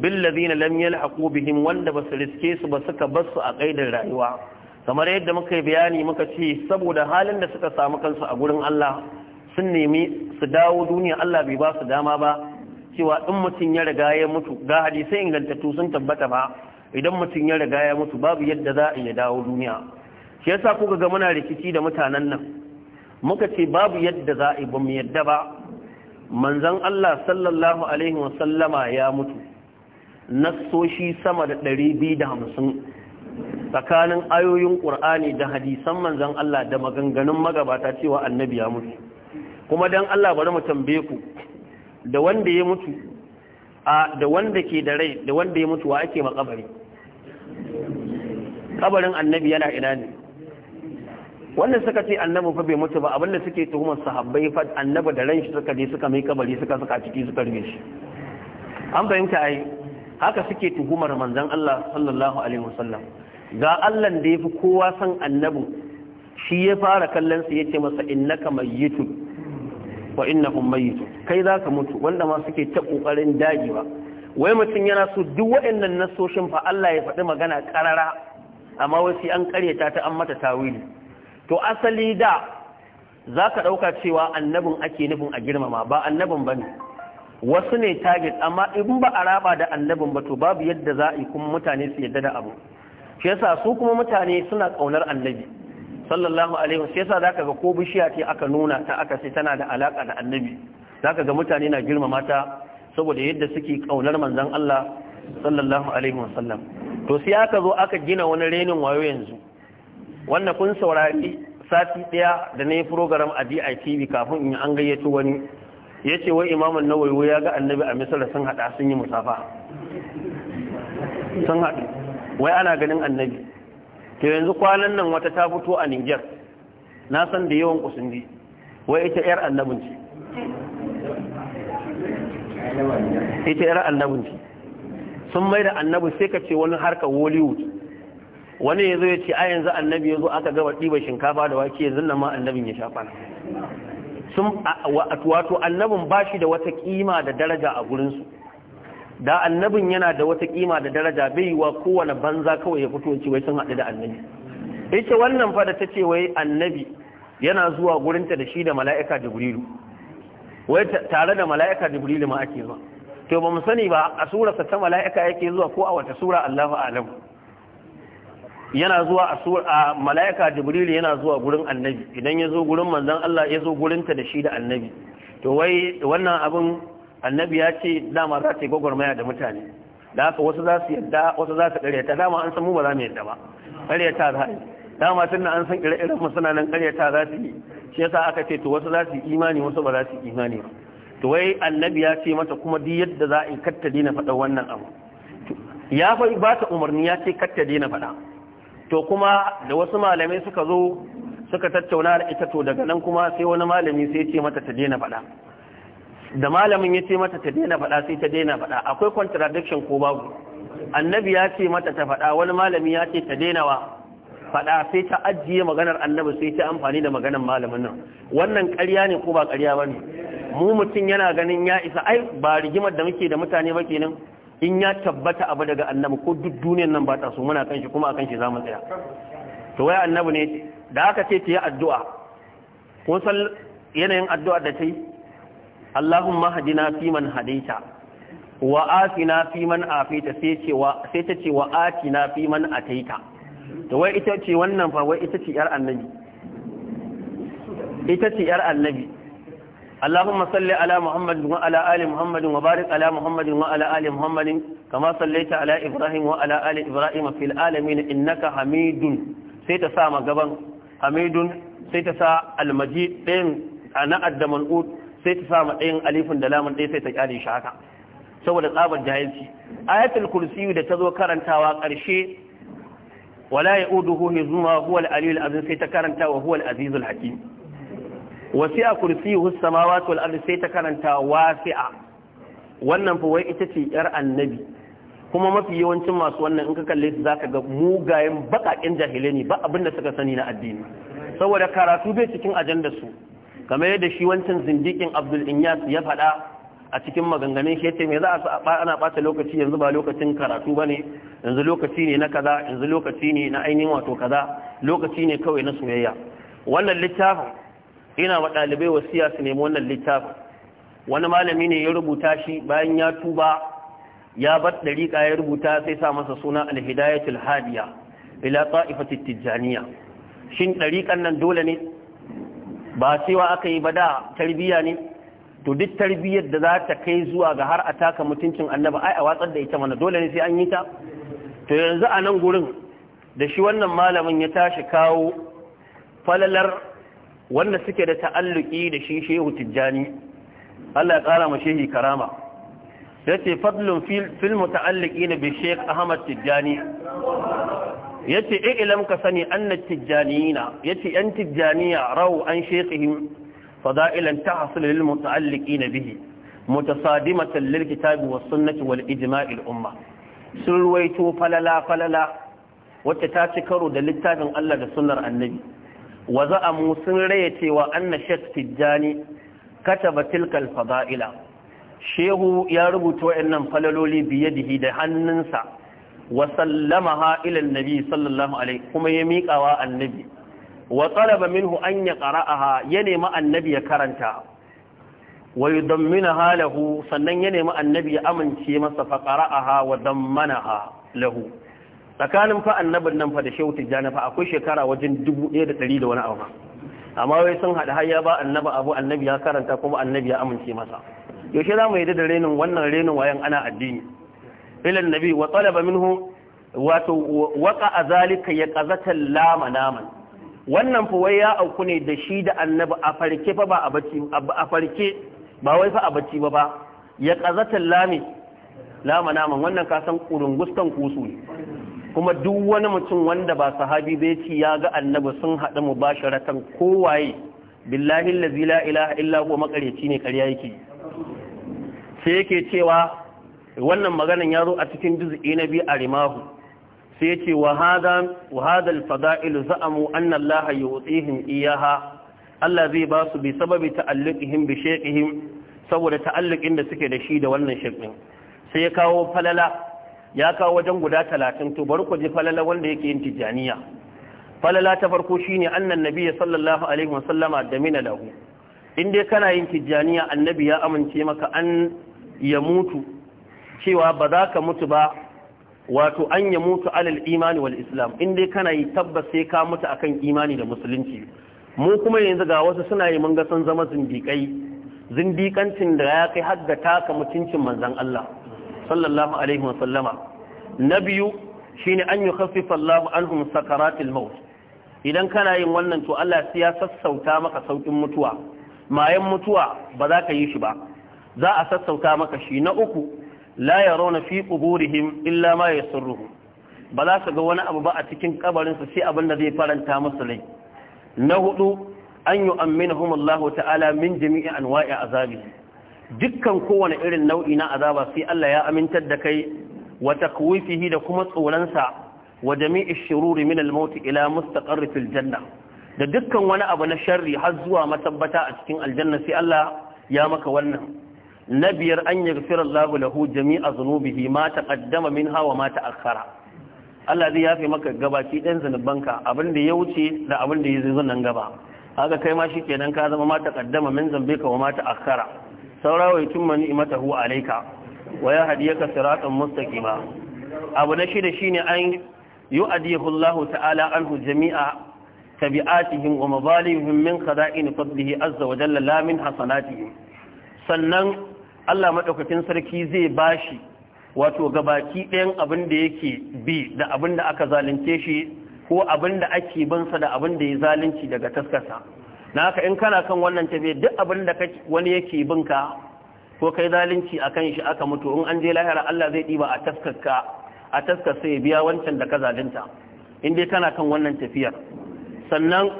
billazina lam yalhaqu bihim wanda basu riske su ba suka basu a kaidar rayuwa kamar yadda muka yi bayani muka ce saboda halin da suka samu kansu a gurin Allah sun nemi su dawo duniya Allah bai ba su dama ba cewa in mutum ya riga ya mutu ga hadisai ingantattu sun tabbata ba idan mutum ya riga ya mutu babu yadda za a iya dawo duniya shi yasa kuka ga muna rikici da mutanen nan muka ce babu yadda za a yi ba mu yadda ba manzon Allah sallallahu alaihi wasallama ya mutu nassoshi sama da 250 tsakanin ayoyin ƙur'ani da hadisan manzan Allah da maganganun magabata cewa annabi ya mutu kuma don Allah bari mu tambaye ku da wanda ya mutu a da wanda ke da rai da wanda ya mutu wa ake makabari kabarin annabi yana ina ne wannan suka ce annabi fa bai mutu ba abinda suke tuhumar sahabbai fa annabi da ran shi suka je suka mai kabari suka saka ciki suka rige shi an bayyanta ai haka suke tuhumar manzan Allah sallallahu alaihi wasallam ga Allah da ya fi kowa san annabi shi ya fara kallon sa ce masa innaka mayyitun wa innahum mayyitun kai za ka mutu wanda ma suke ta kokarin dagewa wai mutum yana so duk waɗannan nasoshin fa Allah ya faɗi magana ƙarara amma wai sai an ƙaryata ta an mata tawili to asali da za ka ɗauka cewa annabin ake nufin a girmama ba annabin ba ne wasu ne target amma in ba a raba da annabin ba to babu yadda za a yi kuma mutane su yadda da abu shi yasa su kuma mutane suna kaunar annabi sallallahu alaihi wasallam shi yasa zaka ga ko bishiya ce aka nuna ta aka sai tana da alaka da annabi zaka ga mutane na girmama ta saboda yadda suke kaunar manzon Allah sallallahu alaihi wasallam to sai aka zo aka gina wani renin wayo yanzu wannan kun saurari sati daya da na yi program a DITV kafin in an gayyato wani ya ce wai imamun na waiwo ya ga annabi a misalar sun haɗa sun yi musafa sun haɗu wai ana ganin annabi ke yanzu kwanan nan wata ta fito a niger na san da yawan kusundi wai ita yar annabin ce ita yar annabin ce sun mai da annabi sai ka ce wani harkar hollywood wani ya zo ya ce a yanzu annabi ya zo aka gaba ɗiba shinkafa da wake yanzu nan ma annabin ya shafa sun wato annabin bashi da wata kima da daraja a gurinsu da annabin yana da wata kima da daraja bai wa kowane banza kawai ya fito ce sun haɗu da annabi ita wannan fa da ta ce wai annabi yana zuwa gurinta da shi da mala'ika jibrilu wai tare da mala'ika jibrilu ma ake zuwa to ba mu sani ba a surarsa ta mala'ika yake zuwa ko a wata sura Allahu alamu yana zuwa a mala'ika jibril yana zuwa gurin annabi idan ya zo gurin manzan Allah ya zo gurinta da shi da annabi to wai wannan abin annabi ya ce dama za ta yi gwagwarmaya da mutane da haka wasu za su yadda wasu za su karyata dama an san mu ba za mu yadda ba karyata za yi dama tun da an san ire-iren masananan karyata za su yi shi yasa aka ce to wasu za su yi imani wasu ba za su yi imani ba to wai annabi ya ce mata kuma duk yadda za a yi katta daina faɗa wannan abu ya fa ba ta umarni ya ce katta na faɗa to kuma da wasu malamai suka zo suka tattauna da ita to daga nan kuma sai wani malami sai ya ce mata ta daina faɗa da malamin ya ce mata ta daina faɗa sai ta daina faɗa akwai contradiction ko babu annabi ya ce mata ta faɗa wani malami ya ce ta daina wa faɗa sai ta ajiye maganar annabi sai ta amfani da maganar malamin nan wannan ƙarya ne ko ba ƙarya ba ne mu mutum yana ganin ya isa ai ba rigimar da muke da mutane ba kenan in ya tabbata abu daga annabi ko duk duniyar nan ba ta so muna kan shi kuma akan shi zamu tsaya to wai annabi ne da aka ce ta yi addu'a ko san yanayin addu'a da ta yi Allahumma hadina fi man hadaita wa afina fi man afita sai ce wa sai ta ce wa atina fi man ataita to wai ita ce wannan fa wai ita ce yar annabi ita ce yar annabi اللهم صل على محمد وعلى آل محمد وبارك على محمد وعلى آل محمد كما صليت على إبراهيم وعلى آل إبراهيم في العالمين إنك حميد سيتسا مقبا حميد سيتسا المجيد دين أنا أدى منقود سيتسا مقين أليف دلاما دي سيتكالي شعكا سوى لقابة جاهلتي آية الكرسي دتذو كرنتاوا قرشي ولا يؤده هزما هو العلي العظيم سيتكرنتا وهو العزيز الحكيم wasi'a kursiyuhu samawati wal ardi sai ta karanta wasi'a wannan fa wai ita ce yar annabi kuma mafi yawancin masu wannan in ka kalle su zaka ga mugayen bakakin jahilai ne ba abin da suka sani na addini saboda karatu bai cikin ajanda su kamar yadda shi wancan zindikin Abdul Inyas ya faɗa a cikin maganganun shi yace me za a ana bata lokaci yanzu ba lokacin karatu bane yanzu lokaci ne na kaza yanzu lokaci ne na ainihin wato kaza lokaci ne kawai na soyayya wannan littafin ina wa ɗalibai wasiya su nemi wannan littafi wani malami ne ya rubuta shi bayan ya tuba ya bar ɗariƙa ya rubuta sai sa masa suna alhidayatul hadiya ila ta'ifatit tijjaniya shin ɗariƙan nan dole ne ba cewa aka yi ba da tarbiyya ne to duk tarbiyyar da za ta kai zuwa ga har a taka mutuncin annaba ai a watsar da ita mana dole ne sai an yi ta to yanzu a nan gurin da shi wannan malamin ya tashi kawo falalar wanda suke da ta'alluki da shi shehu tijjani Allah ya kara ma shehi karama yace fadlun fil na bi sheikh ahmad tijjani yace ilam Ilamka sani anna tijjaniyina yace yan tijjaniya raw an shaykhihim fada'ilan tahsul lil na bihi mutasadimatan lil kitabi was sunnati wal ijma'il umma sun ruwaito falala falala wacce ta ci karo da littafin Allah da sunnar annabi wa za'amu sun raya cewa anna shek tijjani kataba tilkal fada'ila shehu ya rubuta wayannan falaloli biyadihi da hannunsa wa sallamaha ila annabi sallallahu alaihi kuma ya miƙawa annabi wa talaba minhu an ya qara'aha ya nemi annabi ya karanta wa yudammina lahu sannan ya nemi annabi ya amince masa fa qara'aha wa dammanaha lahu tsakanin fa annabin nan fa da shehu tijjani fa akwai shekara wajen dubu ɗaya da ɗari da wani abu amma wai sun haɗa har ya ba annaba abu annabi ya karanta kuma annabi ya amince masa yaushe za mu yi da renin wannan renin wayan ana addini ilan nabi wa talaba minhu wato waka a zalika ya kazata lama naman wannan fa wai ya auku ne da shi da annabi a farke fa ba a bacci a farke ba wai fa a bacci ba ba ya kazata lami lama naman wannan ka san kurungustan kusu ne kuma duk wani mutum wanda ba sahabi bai ci ya ga annabi sun haɗu mu ba ratan kowaye billahi lazi la ilaha illa huwa ne karya yake sai yake cewa wannan maganan ya zo a cikin juz'i na biyu a rimahu sai ya ce wa hada wa hada al-fada'il za'amu anna Allah yu'tihim iyaha Allah zai ba su bi sababi ta'alluqihim bi shaykhihim saboda ta'alluqin da suke da shi da wannan shaykhin sai ya kawo falala ya kawo wajen guda talatin to bari ku ji falala wanda yake yin tijaniya falala ta farko shine annan nabiyyi sallallahu alaihi wasallama da mina lahu in dai kana yin tijaniya annabi ya amince maka an ya mutu cewa ba za ka mutu ba wato an ya mutu alal imani wal islam in dai kana yi tabbas sai ka mutu akan imani da musulunci mu kuma yanzu ga wasu suna yi mun ga san zama zindikai zindikancin da ya kai har da taka mutuncin manzon Allah sallallahu alaihi wasallama na biyu shine an yukhaffifa Allahu anhum sakaratil maut idan kana yin wannan to Allah sai ya sassauta maka saukin mutuwa mayan mutuwa ba za ka yi shi ba za a sassauta maka shi na uku la yarawna fi quburihim illa ma yasurruhum ba za su ga wani abu ba a cikin kabarin su sai abin da zai faranta musu rai na hudu an yu'amminuhum Allah ta'ala min jami'i anwa'i azabihi dukkan kowane irin nau'i na azaba sai Allah ya amintar da kai wa takwifihi da kuma tsoronsa wa jami'i shururi min al-maut ila mustaqarri fil janna da dukkan wani abu na sharri har zuwa matabbata a cikin aljanna sai Allah ya maka wannan na biyar an yaghfir Allahu lahu jami'a dhunubihi ma taqaddama minha wa ma ta'akhkhara Allah zai yafe maka gabaki ɗan zanubanka abin da ya wuce da abin da ya zo nan gaba haka kai ma shikenan ka zama ma taqaddama min zambika wa ma ta'akhkhara saura wa yutimma ni'matahu alayka wa yahdiyaka siratan mustaqima abu na shida shine an yu'adihu Allah ta'ala anhu jami'a tabi'atihim wa mabalihim min qada'in fadlihi azza wa jalla la min hasanatihim sannan Allah madaukakin sarki zai bashi wato gabaki ɗayan abin da yake bi da abin da aka zalunce shi ko abin da ake bansa da abin da ya zalunci daga taskasa. na haka in kana kan wannan tafiyar duk abin da wani yake binka ko kai zalunci akan shi aka mutu in an je lahira Allah zai ɗiba a taskarka a taskar sai biya wancan da ka zalunta in dai kana kan wannan tafiyar sannan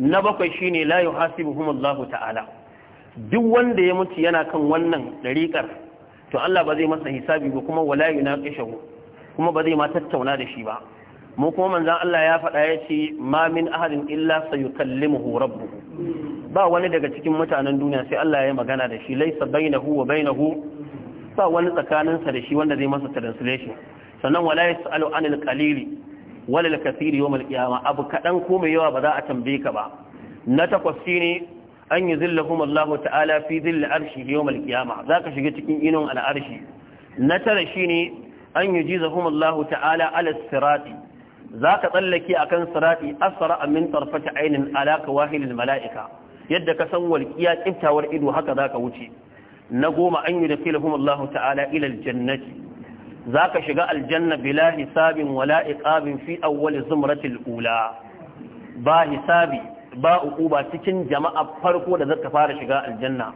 na bakwai shine la yuhasibuhum Allah ta'ala duk wanda ya mutu yana kan wannan dariƙar to Allah ba zai masa hisabi ba kuma wala yunaqishu kuma ba zai ma tattauna da shi ba mu kuma manzan Allah ya faɗa ya ce ma min ahadin illa sayukallimuhu rabbuhu ba wani daga cikin mutanen duniya sai Allah ya magana da shi laisa bainahu wa bainahu ba wani tsakaninsa da shi wanda zai masa translation sannan wala yasalu anil qalili wala al kathiri yawm al qiyamah abu kadan ko mai yawa ba za a tambaye ka ba na takwas shine an yuzillahum Allah ta'ala fi dhill arshi yawm al qiyamah zaka shiga cikin inon al arshi na tara shine an yujizahum Allah ta'ala ala sirati za ka tsallake a kan siraɗi asara amin tarfata ainihin alaka wahilin mala'ika yadda ka san walƙiya ƙiftawar ido haka za ka wuce na goma an yi da filahun Allah ta'ala ilal jannati za ka shiga aljanna bila hisabin wala iqabin fi awwal zumratil ula ba hisabi ba ba cikin jama'a farko da zaka fara shiga aljanna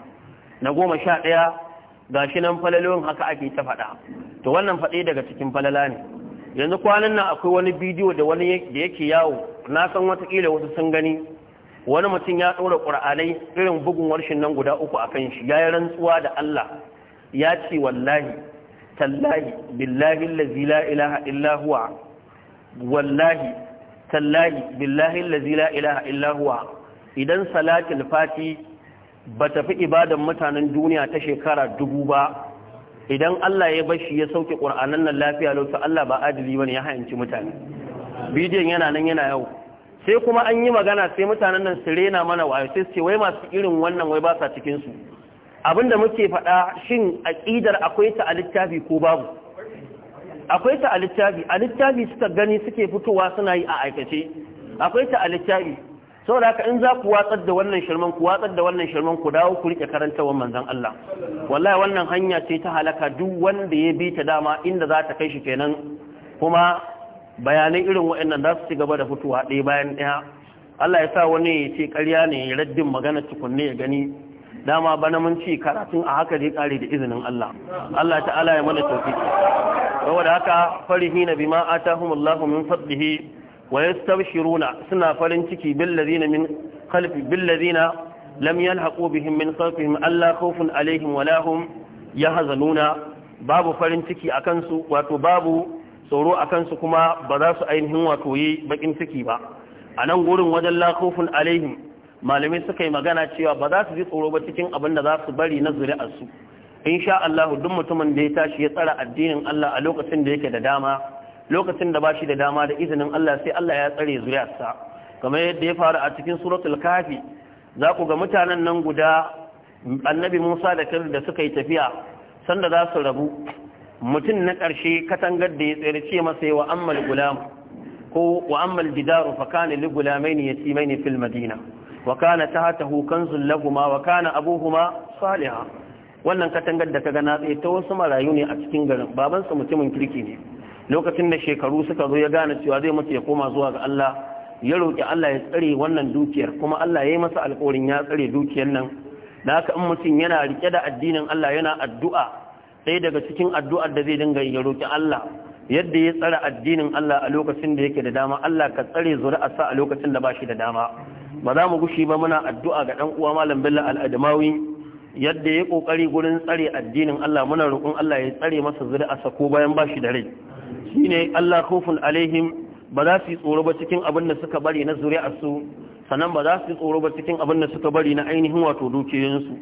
na goma sha ɗaya shi nan falalon haka ake ta faɗa to wannan faɗe daga cikin falala ne yanzu kwanan nan akwai wani bidiyo da wani da yake yawo na san watakila wasu sun gani wani mutum ya ɗora ƙur'anai irin bugun warshin nan guda uku a kan shi ya yi rantsuwa da Allah ya ce wallahi tallahi billahi lazi la ilaha illa huwa wallahi tallahi billahi lazi la ilaha illa huwa idan Salatin fati ba tafi ibadan mutanen duniya ta shekara dubu ba idan Allah ya bashi ya sauke ƙur'anan nan lafiya lau Allah ba adili bane ya hayanci mutane bidiyon yana nan yana yau sai kuma an yi magana sai mutanen nan su rena mana wayo sai su wai masu irin wannan wai ba sa cikin su abinda muke faɗa shin aqidar akwai ta a littafi ko babu akwai ta a littafi a littafi suka gani suke fitowa suna yi a aikace akwai ta a littafi saboda haka in za ku watsar da wannan shirman ku watsar da wannan shirman ku dawo ku rike karantawan manzan Allah wallahi wannan hanya ce ta halaka duk wanda ya bi ta dama inda za ta kai shi kenan kuma bayanai irin waɗannan za su ci gaba da fitowa ɗaya bayan ɗaya Allah ya sa wani ya ce ƙarya ne ya raddin magana tukunne ya gani dama bana mun ci karatun a haka zai kare da izinin Allah Allah ta'ala ya mana tawfiq saboda haka farihina bima atahumullahu min fadlihi wa yastabshiruna suna farin ciki bil ladina min khalfi bil ladina lam yalhaqu bihim min khalfihim alla khawfun alaihim wala hum yahzanuna babu farin ciki akan su wato babu tsoro akan su kuma ba za su ainihin wato yi bakin ciki ba a nan gurin wajen la khawfun alaihim malamai suka yi magana cewa ba za su ji tsoro ba cikin abin da za su bari na zuri'ar su insha Allah duk mutumin da ya tashi ya tsara addinin Allah a lokacin da yake da dama lokacin da bashi da dama da izinin Allah sai Allah ya tsare zuriyarsa kamar yadda ya faru a cikin suratul kafi za ku ga mutanen nan guda annabi Musa da Khidir da suka yi tafiya sanda za su rabu mutum na ƙarshe katangar da ya tsere ce masa yawa ammal gulam ko wa ammal jidaru fa kana li gulamaini yatimaini fil madina wa kana tahtahu kanzul lahumu wa kana abuhuma salihan wannan katangar da ka ga tsaye ta wasu marayu ne a cikin garin babansa mutumin kirki ne lokacin da shekaru suka zo ya gane cewa zai mutu ya koma zuwa ga Allah ya roƙi Allah ya tsare wannan dukiyar kuma Allah ya yi masa alƙawarin ya tsare dukiyar nan da haka in mutum yana rike da addinin Allah yana addu'a sai daga cikin addu'ar da zai dinga ya roƙi Allah yadda ya tsara addinin Allah a lokacin da yake da dama Allah ka tsare zuri'arsa a lokacin da ba shi da dama ba za mu gushi ba muna addu'a ga ɗan uwa malam Bello al-Adamawi yadda ya ƙoƙari gurin tsare addinin Allah muna roƙon Allah ya tsare masa zuri'arsa ko bayan ba shi da rai shine Allah kofin alaihim ba za su yi tsoro ba cikin abin da suka bari na zuri'arsu sannan ba za su yi tsoro ba cikin abin da suka bari na ainihin wato dukiyoyinsu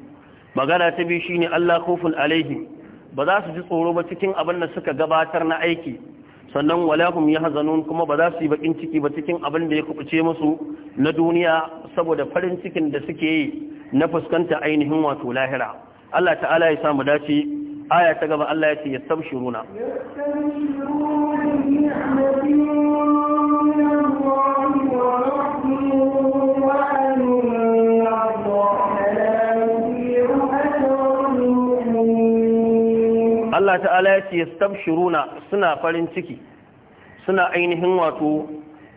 magana ta biyu shine Allah khawfun alaihim ba za su ji tsoro ba cikin abin da suka gabatar na aiki sannan wala ya hazanun kuma ba za su yi bakin ciki ba cikin abin da ya kubuce musu na duniya saboda farin cikin da suke yi na fuskanta ainihin wato lahira Allah ta'ala ya samu dace aya ta gaba Allah ya ce ya samshiruna Allah ta'ala ya ce suna farin ciki suna ainihin wato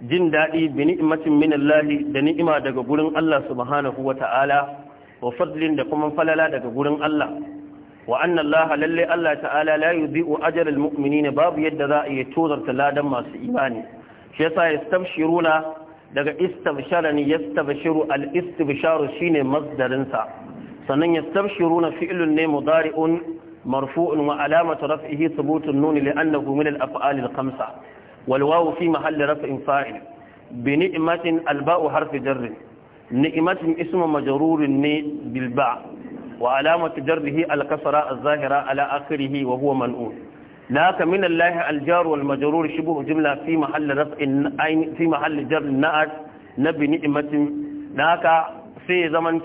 jin daɗi bi ni'matin minallahi da ni'ima daga gurin Allah subhanahu wata'ala wa fadlin da kuma falala daga gurin Allah wa anna Allah lalle Allah ta'ala la yudhi'u ajral mu'minina babu yadda za a yi tozarta ladan masu imani shi yasa yastabshiruna daga istabsharani yastabshiru al-istibsharu shine masdarin sa sannan na fi'ilun ne mudari'un marfu'un wa alamatu raf'ihi thubutun nuni li'annahu min al-af'al al fi mahalli raf'in fa'il bi ni'matin alba'u harfi jarr ni'matin isma majarurin ne bilba. wa alamatu jarrihi al-kasra az-zahira ala akhirih wa huwa man'un laka min Allah al-jar wal majrur shibhu jumla fi mahall raf'in ayn fi mahall na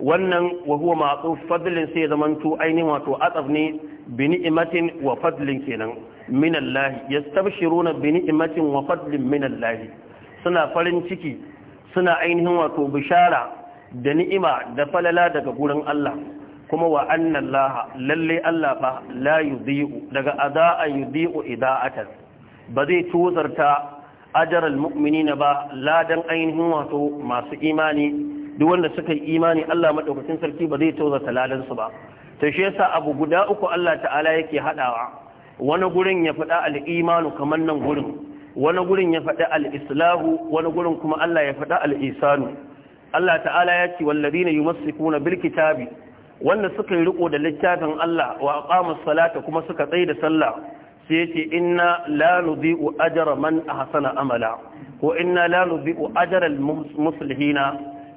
wannan wa huwa fadlin sai zamanto ainihin wato ataf ne bi ni'matin wa fadlin kenan min Allah yastabshiruna bi ni'matin wa fadlin min Allah suna farin ciki suna ainihin wato bishara da ni'ima da falala daga gurin Allah kuma wa annan laha lalle Allah fa la yudhi'u daga adaa yudhi'u ida'atan ba zai tozarta ajaral mu'minina ba ladan ainihin wato masu imani duk wanda suka yi imani Allah madaukakin sarki ba zai tozarta ladan su ba to shi yasa abu guda uku Allah ta'ala yake hadawa wani gurin ya faɗa al-imanu kaman nan gurin wani gurin ya faɗa al-islahu wani gurin kuma Allah ya faɗa al-isanu Allah ta'ala ya ce wallazina yumassikuna bil kitabi wanda suka yi riko da littafin Allah wa aqamus salata kuma suka tsaye da sallah sai yace inna la nudhi'u ajra man hasana amala ko inna la nudhi'u ajra al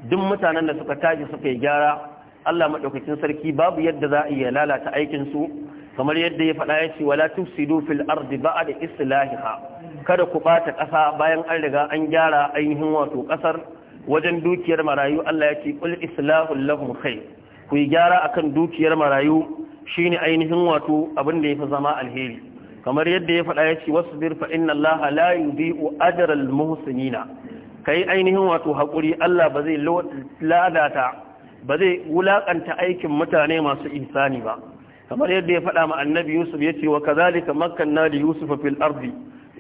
duk mutanen da suka tashi suka yi gyara Allah madaukakin sarki babu yadda za a iya lalata aikin su kamar yadda ya faɗa ce wala tufsidu fil ardi da islahiha kada ku ɓata ƙasa bayan an riga an gyara ainihin wato ƙasar wajen dukiyar marayu Allah ya ce qul Islahun lahum Kai, ku yi gyara akan dukiyar marayu shine ainihin wato abin da fi zama alheri kamar yadda ya faɗa ya ce wasu birfa, inna Allah la yudhi'u ajra al Ka kai ainihin wato hakuri Allah ba zai ladata ba zai wulakanta aikin mutane masu insani ba kamar yadda ya faɗa ma annabi yusuf ya ce wa kazalika makkanna li yusuf fil ardi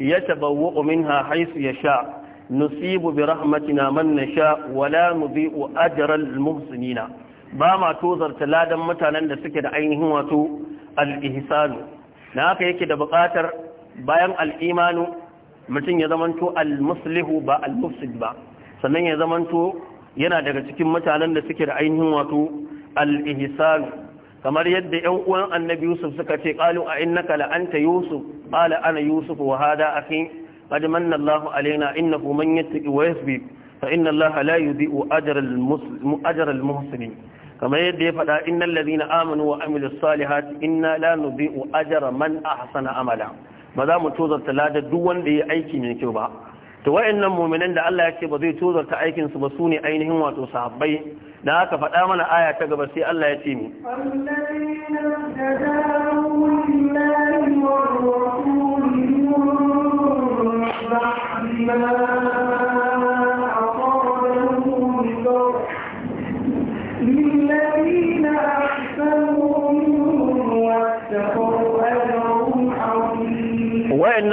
yatabawwa'u minha haythu yasha nusibu bi rahmatina man nasha wala nudhi'u ajra al muhsinina ba ma tozarta ladan mutanen da suke da ainihin wato al ihsanu na haka yake da buƙatar bayan al imanu mutum ya zamanto al muslihu ba al mufsid ba sannan ya zamanto yana daga cikin mutanen da suke da ainihin wato al kamar yadda ƴan uwan annabi Yusuf suka ce qalu a innaka la anta yusuf qala ana yusuf wa hada akhi قد من الله علينا إنه من يتق ويسبي فإن الله لا يضيء أجر, أجر المحسنين كما يدي فدا إن الذين آمنوا وعملوا الصالحات إنا لا نضيء أجر من أحسن عملا ba za mu tozarta ladar duk wanda ya aiki mai kyau ba to wa'annan mu'minan da Allah ya ce ba zai tozarta aikin su ba su ne ainihin wato sahabbai na haka faɗa mana aya ta gaba sai Allah ya ce ni بعد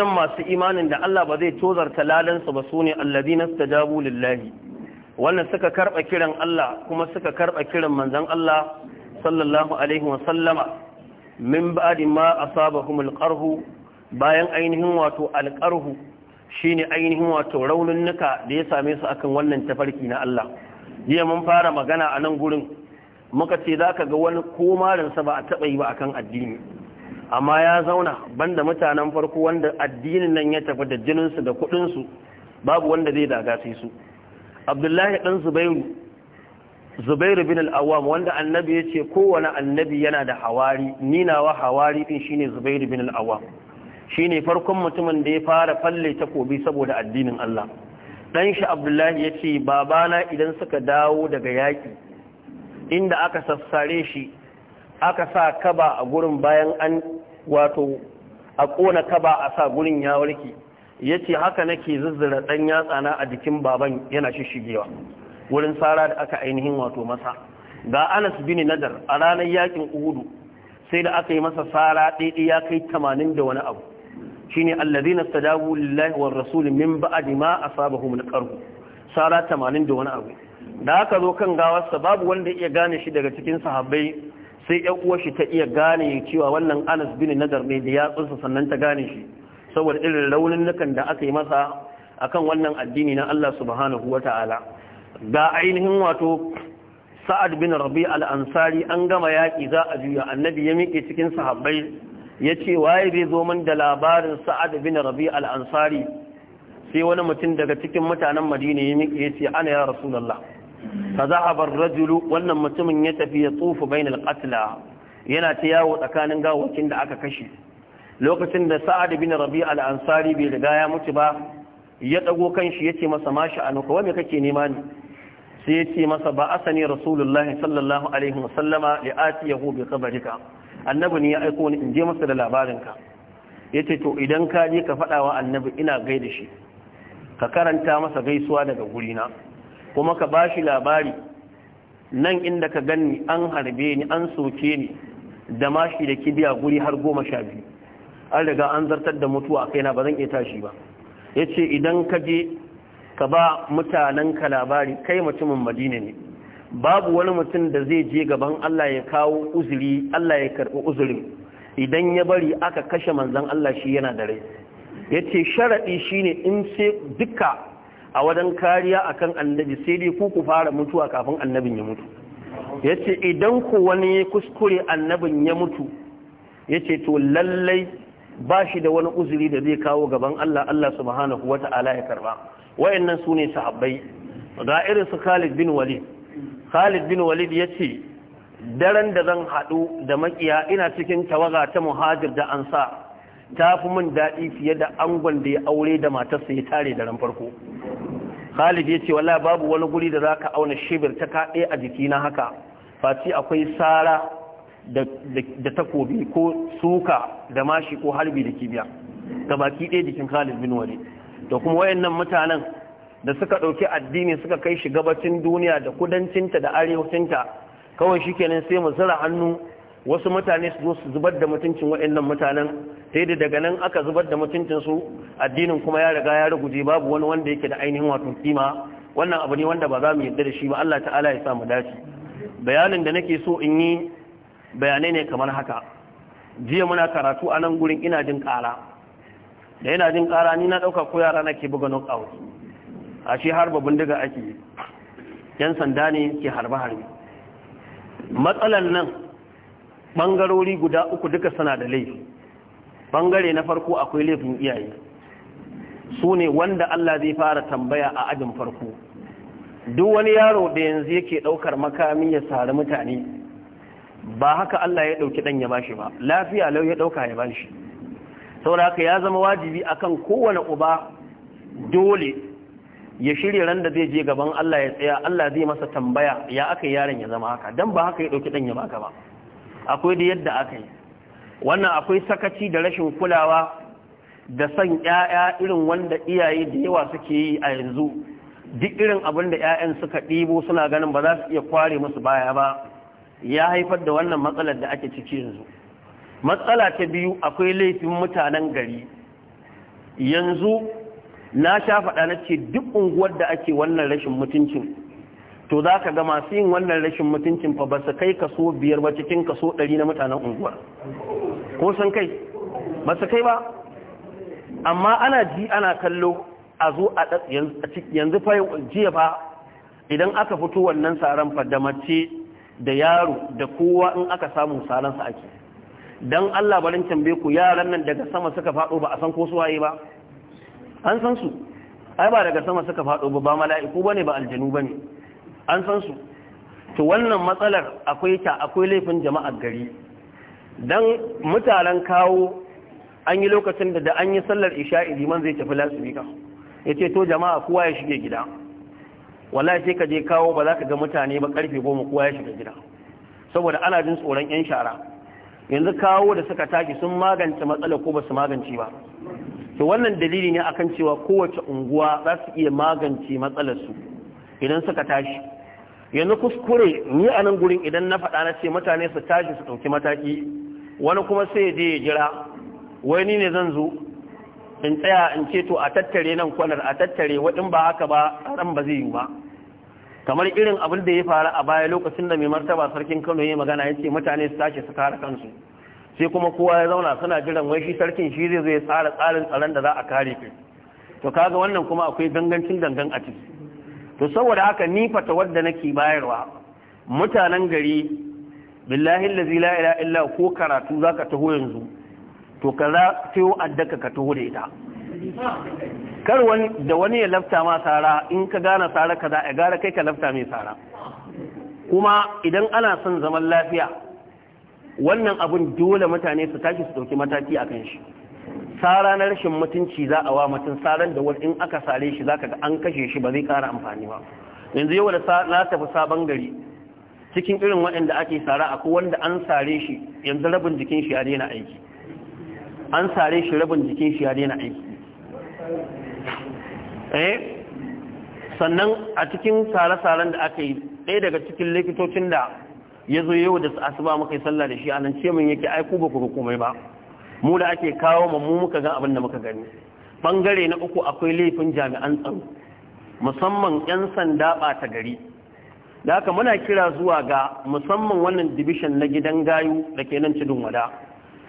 masu imanin da Allah ba zai tozarta lalansu ba su ne alladina stajabu lillahi wannan suka karɓa kiran Allah kuma suka karɓa kiran manzon Allah sallallahu alaihi wa sallama min ba'di ma asabahum bayan ainihin wato alqarhu shine ainihin wato raunin nuka da ya same su akan wannan tafarki na Allah jiya mun fara magana a nan gurin muka ce za ka ga wani komarinsa ba a taɓa yi ba akan addini amma ya zauna banda mutanen farko wanda addinin nan ya tafi da jininsu da kuɗinsu babu wanda zai daga sai su abdullahi ɗan zubairu zubairu bin al'awam wanda annabi ya ce kowane annabi yana da hawari ninawa hawari ɗin shine zubairu bin al'awam Shi ne farkon mutumin da ya fara falle takobi saboda addinin Allah ɗan shi Abdullahi ya ce babana idan suka dawo daga yaki inda aka sassare shi aka sa kaba a gurin bayan an wato a kona kaba a sa gurin ya warke ce haka nake zuzzura dan yatsana a jikin baban yana shishigewa wurin tsara da aka ainihin wato masa ga Anas bin Nadar a ranar yakin Uhudu sai da aka yi masa tsara daidai ya kai tamanin da wani abu allazi na sadawu lillahi wa rasulun min ba'adi ma mun alqarh sara tamanin da wani abu da aka zo kan gawarsa babu wanda iya gane shi daga cikin sahabbai sai ƴan uwar ta iya gane cewa wannan Anas bin Nadar ne da yatsunsa sannan ta gane shi saboda irin raunin nukan da aka yi masa akan wannan addini na Allah subhanahu ta'ala ga ainihin wato Sa'ad bin Rabi al-Ansari an gama yaƙi za a juya annabi ya miƙe cikin sahabbai ya ce waye zai zo min da labarin sa'ad bin rabi al'ansari sai wani mutum daga cikin mutanen madina ya miƙe ya ce ana ya rasulallah ka za a bar rajulu wannan mutumin ya tafi ya tsufu bainal qatla yana ta yawo tsakanin gawakin da aka kashe lokacin da sa'ad bin rabi al'ansari bai riga ya mutu ba ya ɗago kanshi ya ce masa mashi a nuka wani kake nema ne sai ya ce masa ba asani rasulullah sallallahu alaihi wasallama li atiyahu bi qabrika annabi ne ya aiko ni in je masa da labarinka ya ce to idan ka je ka faɗa wa annabi ina gaida shi ka karanta masa gaisuwa daga guri na kuma ka ba shi labari nan inda ka ganni an harbe ni an soke ni da mashi da kibiya guri har goma sha biyu an riga an zartar da mutuwa a na ba zan iya tashi ba ya ce idan ka je ka ba mutanenka labari kai mutumin madina ne babu wani mutum da zai je gaban Allah ya kawo uzuri Allah ya karɓi uzuri, idan ya bari aka kashe manzan Allah shi yana da rai ya ce sharaɗi shi ne in sai duka a wajen kariya a kan annabi sai dai ku ku fara mutuwa kafin annabin ya mutu ya ce idan ku wani ya kuskure annabin ya mutu ya ce to lallai ba shi da wani uzuri da zai kawo gaban Allah Allah subhanahu wa ta'ala ya karɓa wa'annan su ne sahabbai ga irin su Khalid bin Walid Khalid bin Walid ya ce daren da zan haɗu da makiya ina cikin tawaga ta muhajir da an sa, ta fi mun daɗi fiye da angon da ya aure da matarsa ya tare da ran farko Khalid ya ce wala babu wani guri da za ka auna shibir ta kaɗe a jikina haka fati akwai sara da takobi ko suka da mashi ko harbi da kibiya ga baki ɗaya jikin Khalid bin Walid da kuma wayannan mutanen da suka ɗauki addini suka kai shi gabacin duniya da kudancinta da arewacinta kawai shi kenan sai mu zura hannu wasu mutane su zo su zubar da mutuncin waɗannan mutanen sai da daga nan aka zubar da mutuncinsu addinin kuma ya riga ya ruguje babu wani wanda yake da ainihin wato kima wannan abu ne wanda ba za mu yarda da shi ba Allah ta'ala ya sa mu dace bayanin da nake so in yi bayanai ne kamar haka jiya muna karatu a nan gurin ina jin ƙara da ina jin ƙara ni na ɗauka ko yara nake buga knockout a shi harba bindiga ake yi yan sanda ne ke harbe-harbe matsalar nan Bangarori guda uku duka suna da laifi Bangare na farko akwai laifin iyaye su ne wanda Allah zai fara tambaya a ajin farko duk wani yaro da yanzu yake ɗaukar makami ya sari mutane ba haka Allah ya ɗauki ɗan ya bashi ba lafiya lau ya ɗauka ya bashi saboda haka ya zama wajibi akan kowane uba dole ya shirya ran da zai je gaban Allah ya tsaya Allah zai masa tambaya ya aka yi yaron ya zama haka dan ba haka ya dauki dan ya baka ba akwai da yadda aka yi wannan akwai sakaci da rashin kulawa da san ƴaƴa irin wanda iyaye da yawa suke yi a yanzu duk irin abin da ƴaƴan suka ɗibo suna ganin ba za su iya kware musu baya ba ya haifar da wannan matsalar da ake ciki yanzu matsala ta biyu akwai laifin mutanen gari yanzu na sha faɗa na ce duk unguwar da ake wannan rashin mutuncin to za ka ga masu yin wannan rashin mutuncin fa ba su kai kaso biyar ba cikin kaso ɗari na mutanen unguwar ko sun kai ba su kai ba amma ana ji ana kallo a zo a yanzu fa jiya ba idan aka fito wannan tsaron fa da mace da yaro da kowa in aka samu saransa ake don Allah barin tambaye ku yaran nan daga sama suka faɗo ba a san ko waye ba an san su ai ba daga sama suka faɗo ba ba mala'iku bane ba aljanu bane an san su to wannan matsalar akwai ta akwai laifin jama'ar gari dan mutalan kawo an yi lokacin da da an yi sallar idi man zai tafi lasubika ya ce to jama'a kowa ya shige gida wallahi sai ka je kawo ba za ka ga mutane ba karfe goma kowa ya shiga gida saboda ana jin tsoron yan shara yanzu kawo da suka tashi sun magance matsalar ko ba su magance ba to wannan dalili ne akan cewa kowace unguwa za su iya magance matsalarsu idan suka tashi yanzu kuskure ni a nan gurin idan na faɗa na ce mutane su tashi su ɗauki mataki wani kuma sai ya je ya jira wai ni ne zan zo in tsaya in ce to a tattare nan kwanar a tattare waɗin ba haka ba ran ba zai yi ba kamar irin abin da ya faru a baya lokacin da mai martaba sarkin kano ya magana ya ce mutane su tashi su kare kansu sai kuma kowa ya zauna suna jiran wai shi sarkin shi zai zai tsara tsarin tsaron da za a kare kai to kaga wannan kuma akwai gangancin dangan a ciki to saboda haka ni fata wadda nake bayarwa mutanen gari billahi allazi la ilaha illa ko karatu zaka taho yanzu to kaza sai addaka ka taho da ita kar wani da wani ya lafta ma sara in ka gane sara kaza ya gara kai ka lafta mai sara kuma idan ana son zaman lafiya wannan abun dole mutane su tashi su ɗauki mataki a kan shi tsara na rashin mutunci za a wa mutum tsaran da wani in aka sare shi zaka ga an kashe shi ba zai ƙara amfani ba yanzu yau da na tafi sabon gari cikin irin waɗanda ake sara akwai wanda an sare shi yanzu rabin jikin shi ya daina aiki an sare shi rabin jikin shi ya daina aiki eh sannan a cikin sare-saren da aka yi ɗaya daga cikin likitocin da ya zo yau da su asuba muka yi sallah da shi anan ce mun yake ai ku ba ku ga komai ba mu da ake kawo mu mu muka ga abin da muka gani bangare na uku akwai laifin jami'an tsaro musamman yan sanda ɓata gari da haka muna kira zuwa ga musamman wannan division na gidan gayu da ke nan cidin wada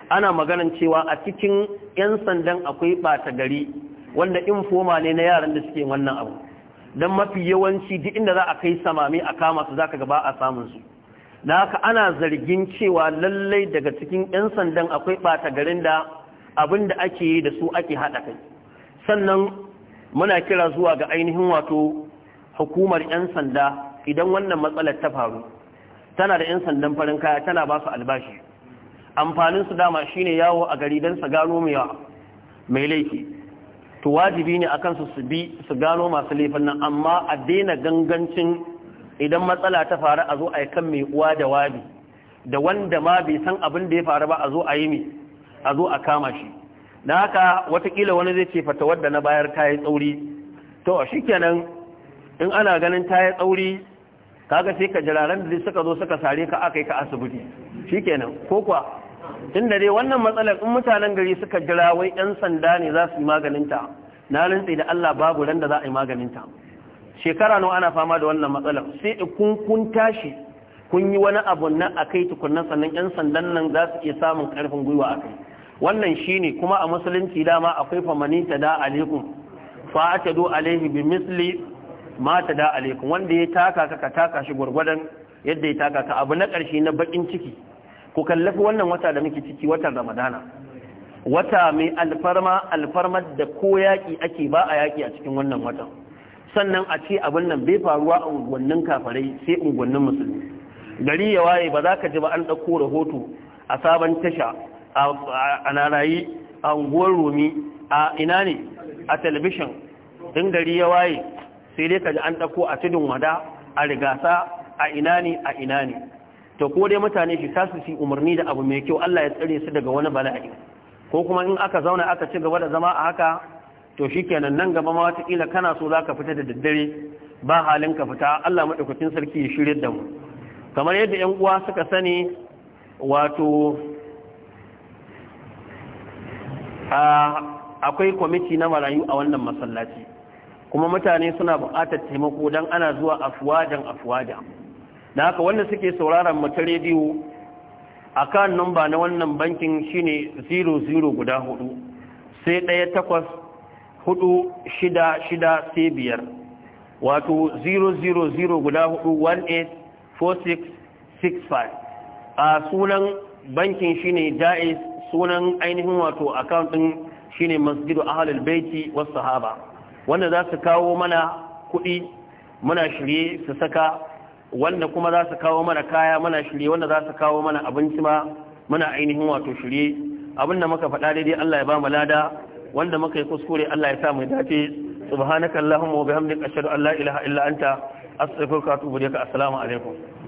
ana maganan cewa a cikin yan sandan akwai ɓata gari wanda infoma ne na yaran da suke wannan abu don mafi yawanci duk inda za a kai samami a kama su za ka gaba a samun su da haka ana zargin cewa lallai daga cikin 'yan sandan akwai ɓata garin da abin da ake yi da su ake haɗa kai sannan muna kira zuwa ga ainihin wato hukumar 'yan sanda idan wannan matsalar ta faru tana da 'yan sandan farin kaya tana ba su albashi amfanin su dama shine yawo a gari don su gano mai laifi to wajibi ne akan su su bi su gano masu laifin nan amma a daina gangancin idan matsala ta faru a zo a yi kan mai uwa da wabi da wanda ma bai san abin da ya faru ba a zo a yi mai a zo a kama shi na haka watakila wani zai ce fata wadda na bayar ta yi tsauri to shi kenan in ana ganin ta yi tsauri kaga sai ka jiraran da suka zo suka sare ka aka yi ka asibiti shi kenan ko kuwa inda dai wannan matsalar in mutanen gari suka jira wai 'yan sanda ne za su yi maganinta na rantsi da Allah babu randa za a yi maganinta shekara nawa ana fama da wannan matsalar sai kun kun tashi kun yi wani abu na akai tukunna sannan yan sandan nan za su iya samun karfin gwiwa a kai. wannan shine kuma a musulunci dama akwai ta da alaikum fa atadu alaihi bi misli ma tada alaikum wanda ya taka ka taka shi gurgurdan yadda ya taka ka abu na ƙarshe na bakin ciki ku kallafi wannan wata da muke ciki watan ramadana wata mai alfarma alfarmar da ko yaƙi ake ba a yaƙi a cikin wannan watan sannan a ce abin nan bai faruwa a unguwannin kafarai sai unguwannin musulmi gari ya waye ba za ka ji ba an ɗauko rahoto a sabon tasha a narayi a unguwar romi a ina ne a talabishin din gari ya waye sai dai ka ji an ɗauko a tudun wada a rigasa a ina ne a ina ne to ko dai mutane shi sasu su umarni da abu mai kyau Allah ya tsare su daga wani bala'i ko kuma in aka zauna aka ci gaba da zama a haka to shikenan nan gaba ma kila kana so zaka fita da daddare ba halin ka fita Allah madaukakin sarki ya shirya da mu kamar yadda 'yan uwa suka sani wato akwai kwamiti na marayu a wannan masallaci kuma mutane suna buƙatar taimako dan ana zuwa afwajan afwaja da haka wanda suke sauraron mu ta rediyo akan number na wannan bankin shine 00 guda hudu sai ɗaya takwas hudu shida shida sai biyar wato 000 guda hudu five a sunan bankin shine da'is sunan ainihin wato account din shine masjidu ahlul baiti was sahaba wanda za su kawo mana kudi muna shirye su saka wanda kuma za su kawo mana kaya muna shirye wanda za su kawo mana abinci ma muna ainihin wato shirye abinda muka faɗa daidai Allah ya ba mu lada wanda muka yi kuskure Allah ya sa mu dace subhanakallahumma wa bihamdika ashhadu an la ilaha illa anta astaghfiruka wa atubu ilaik assalamu alaikum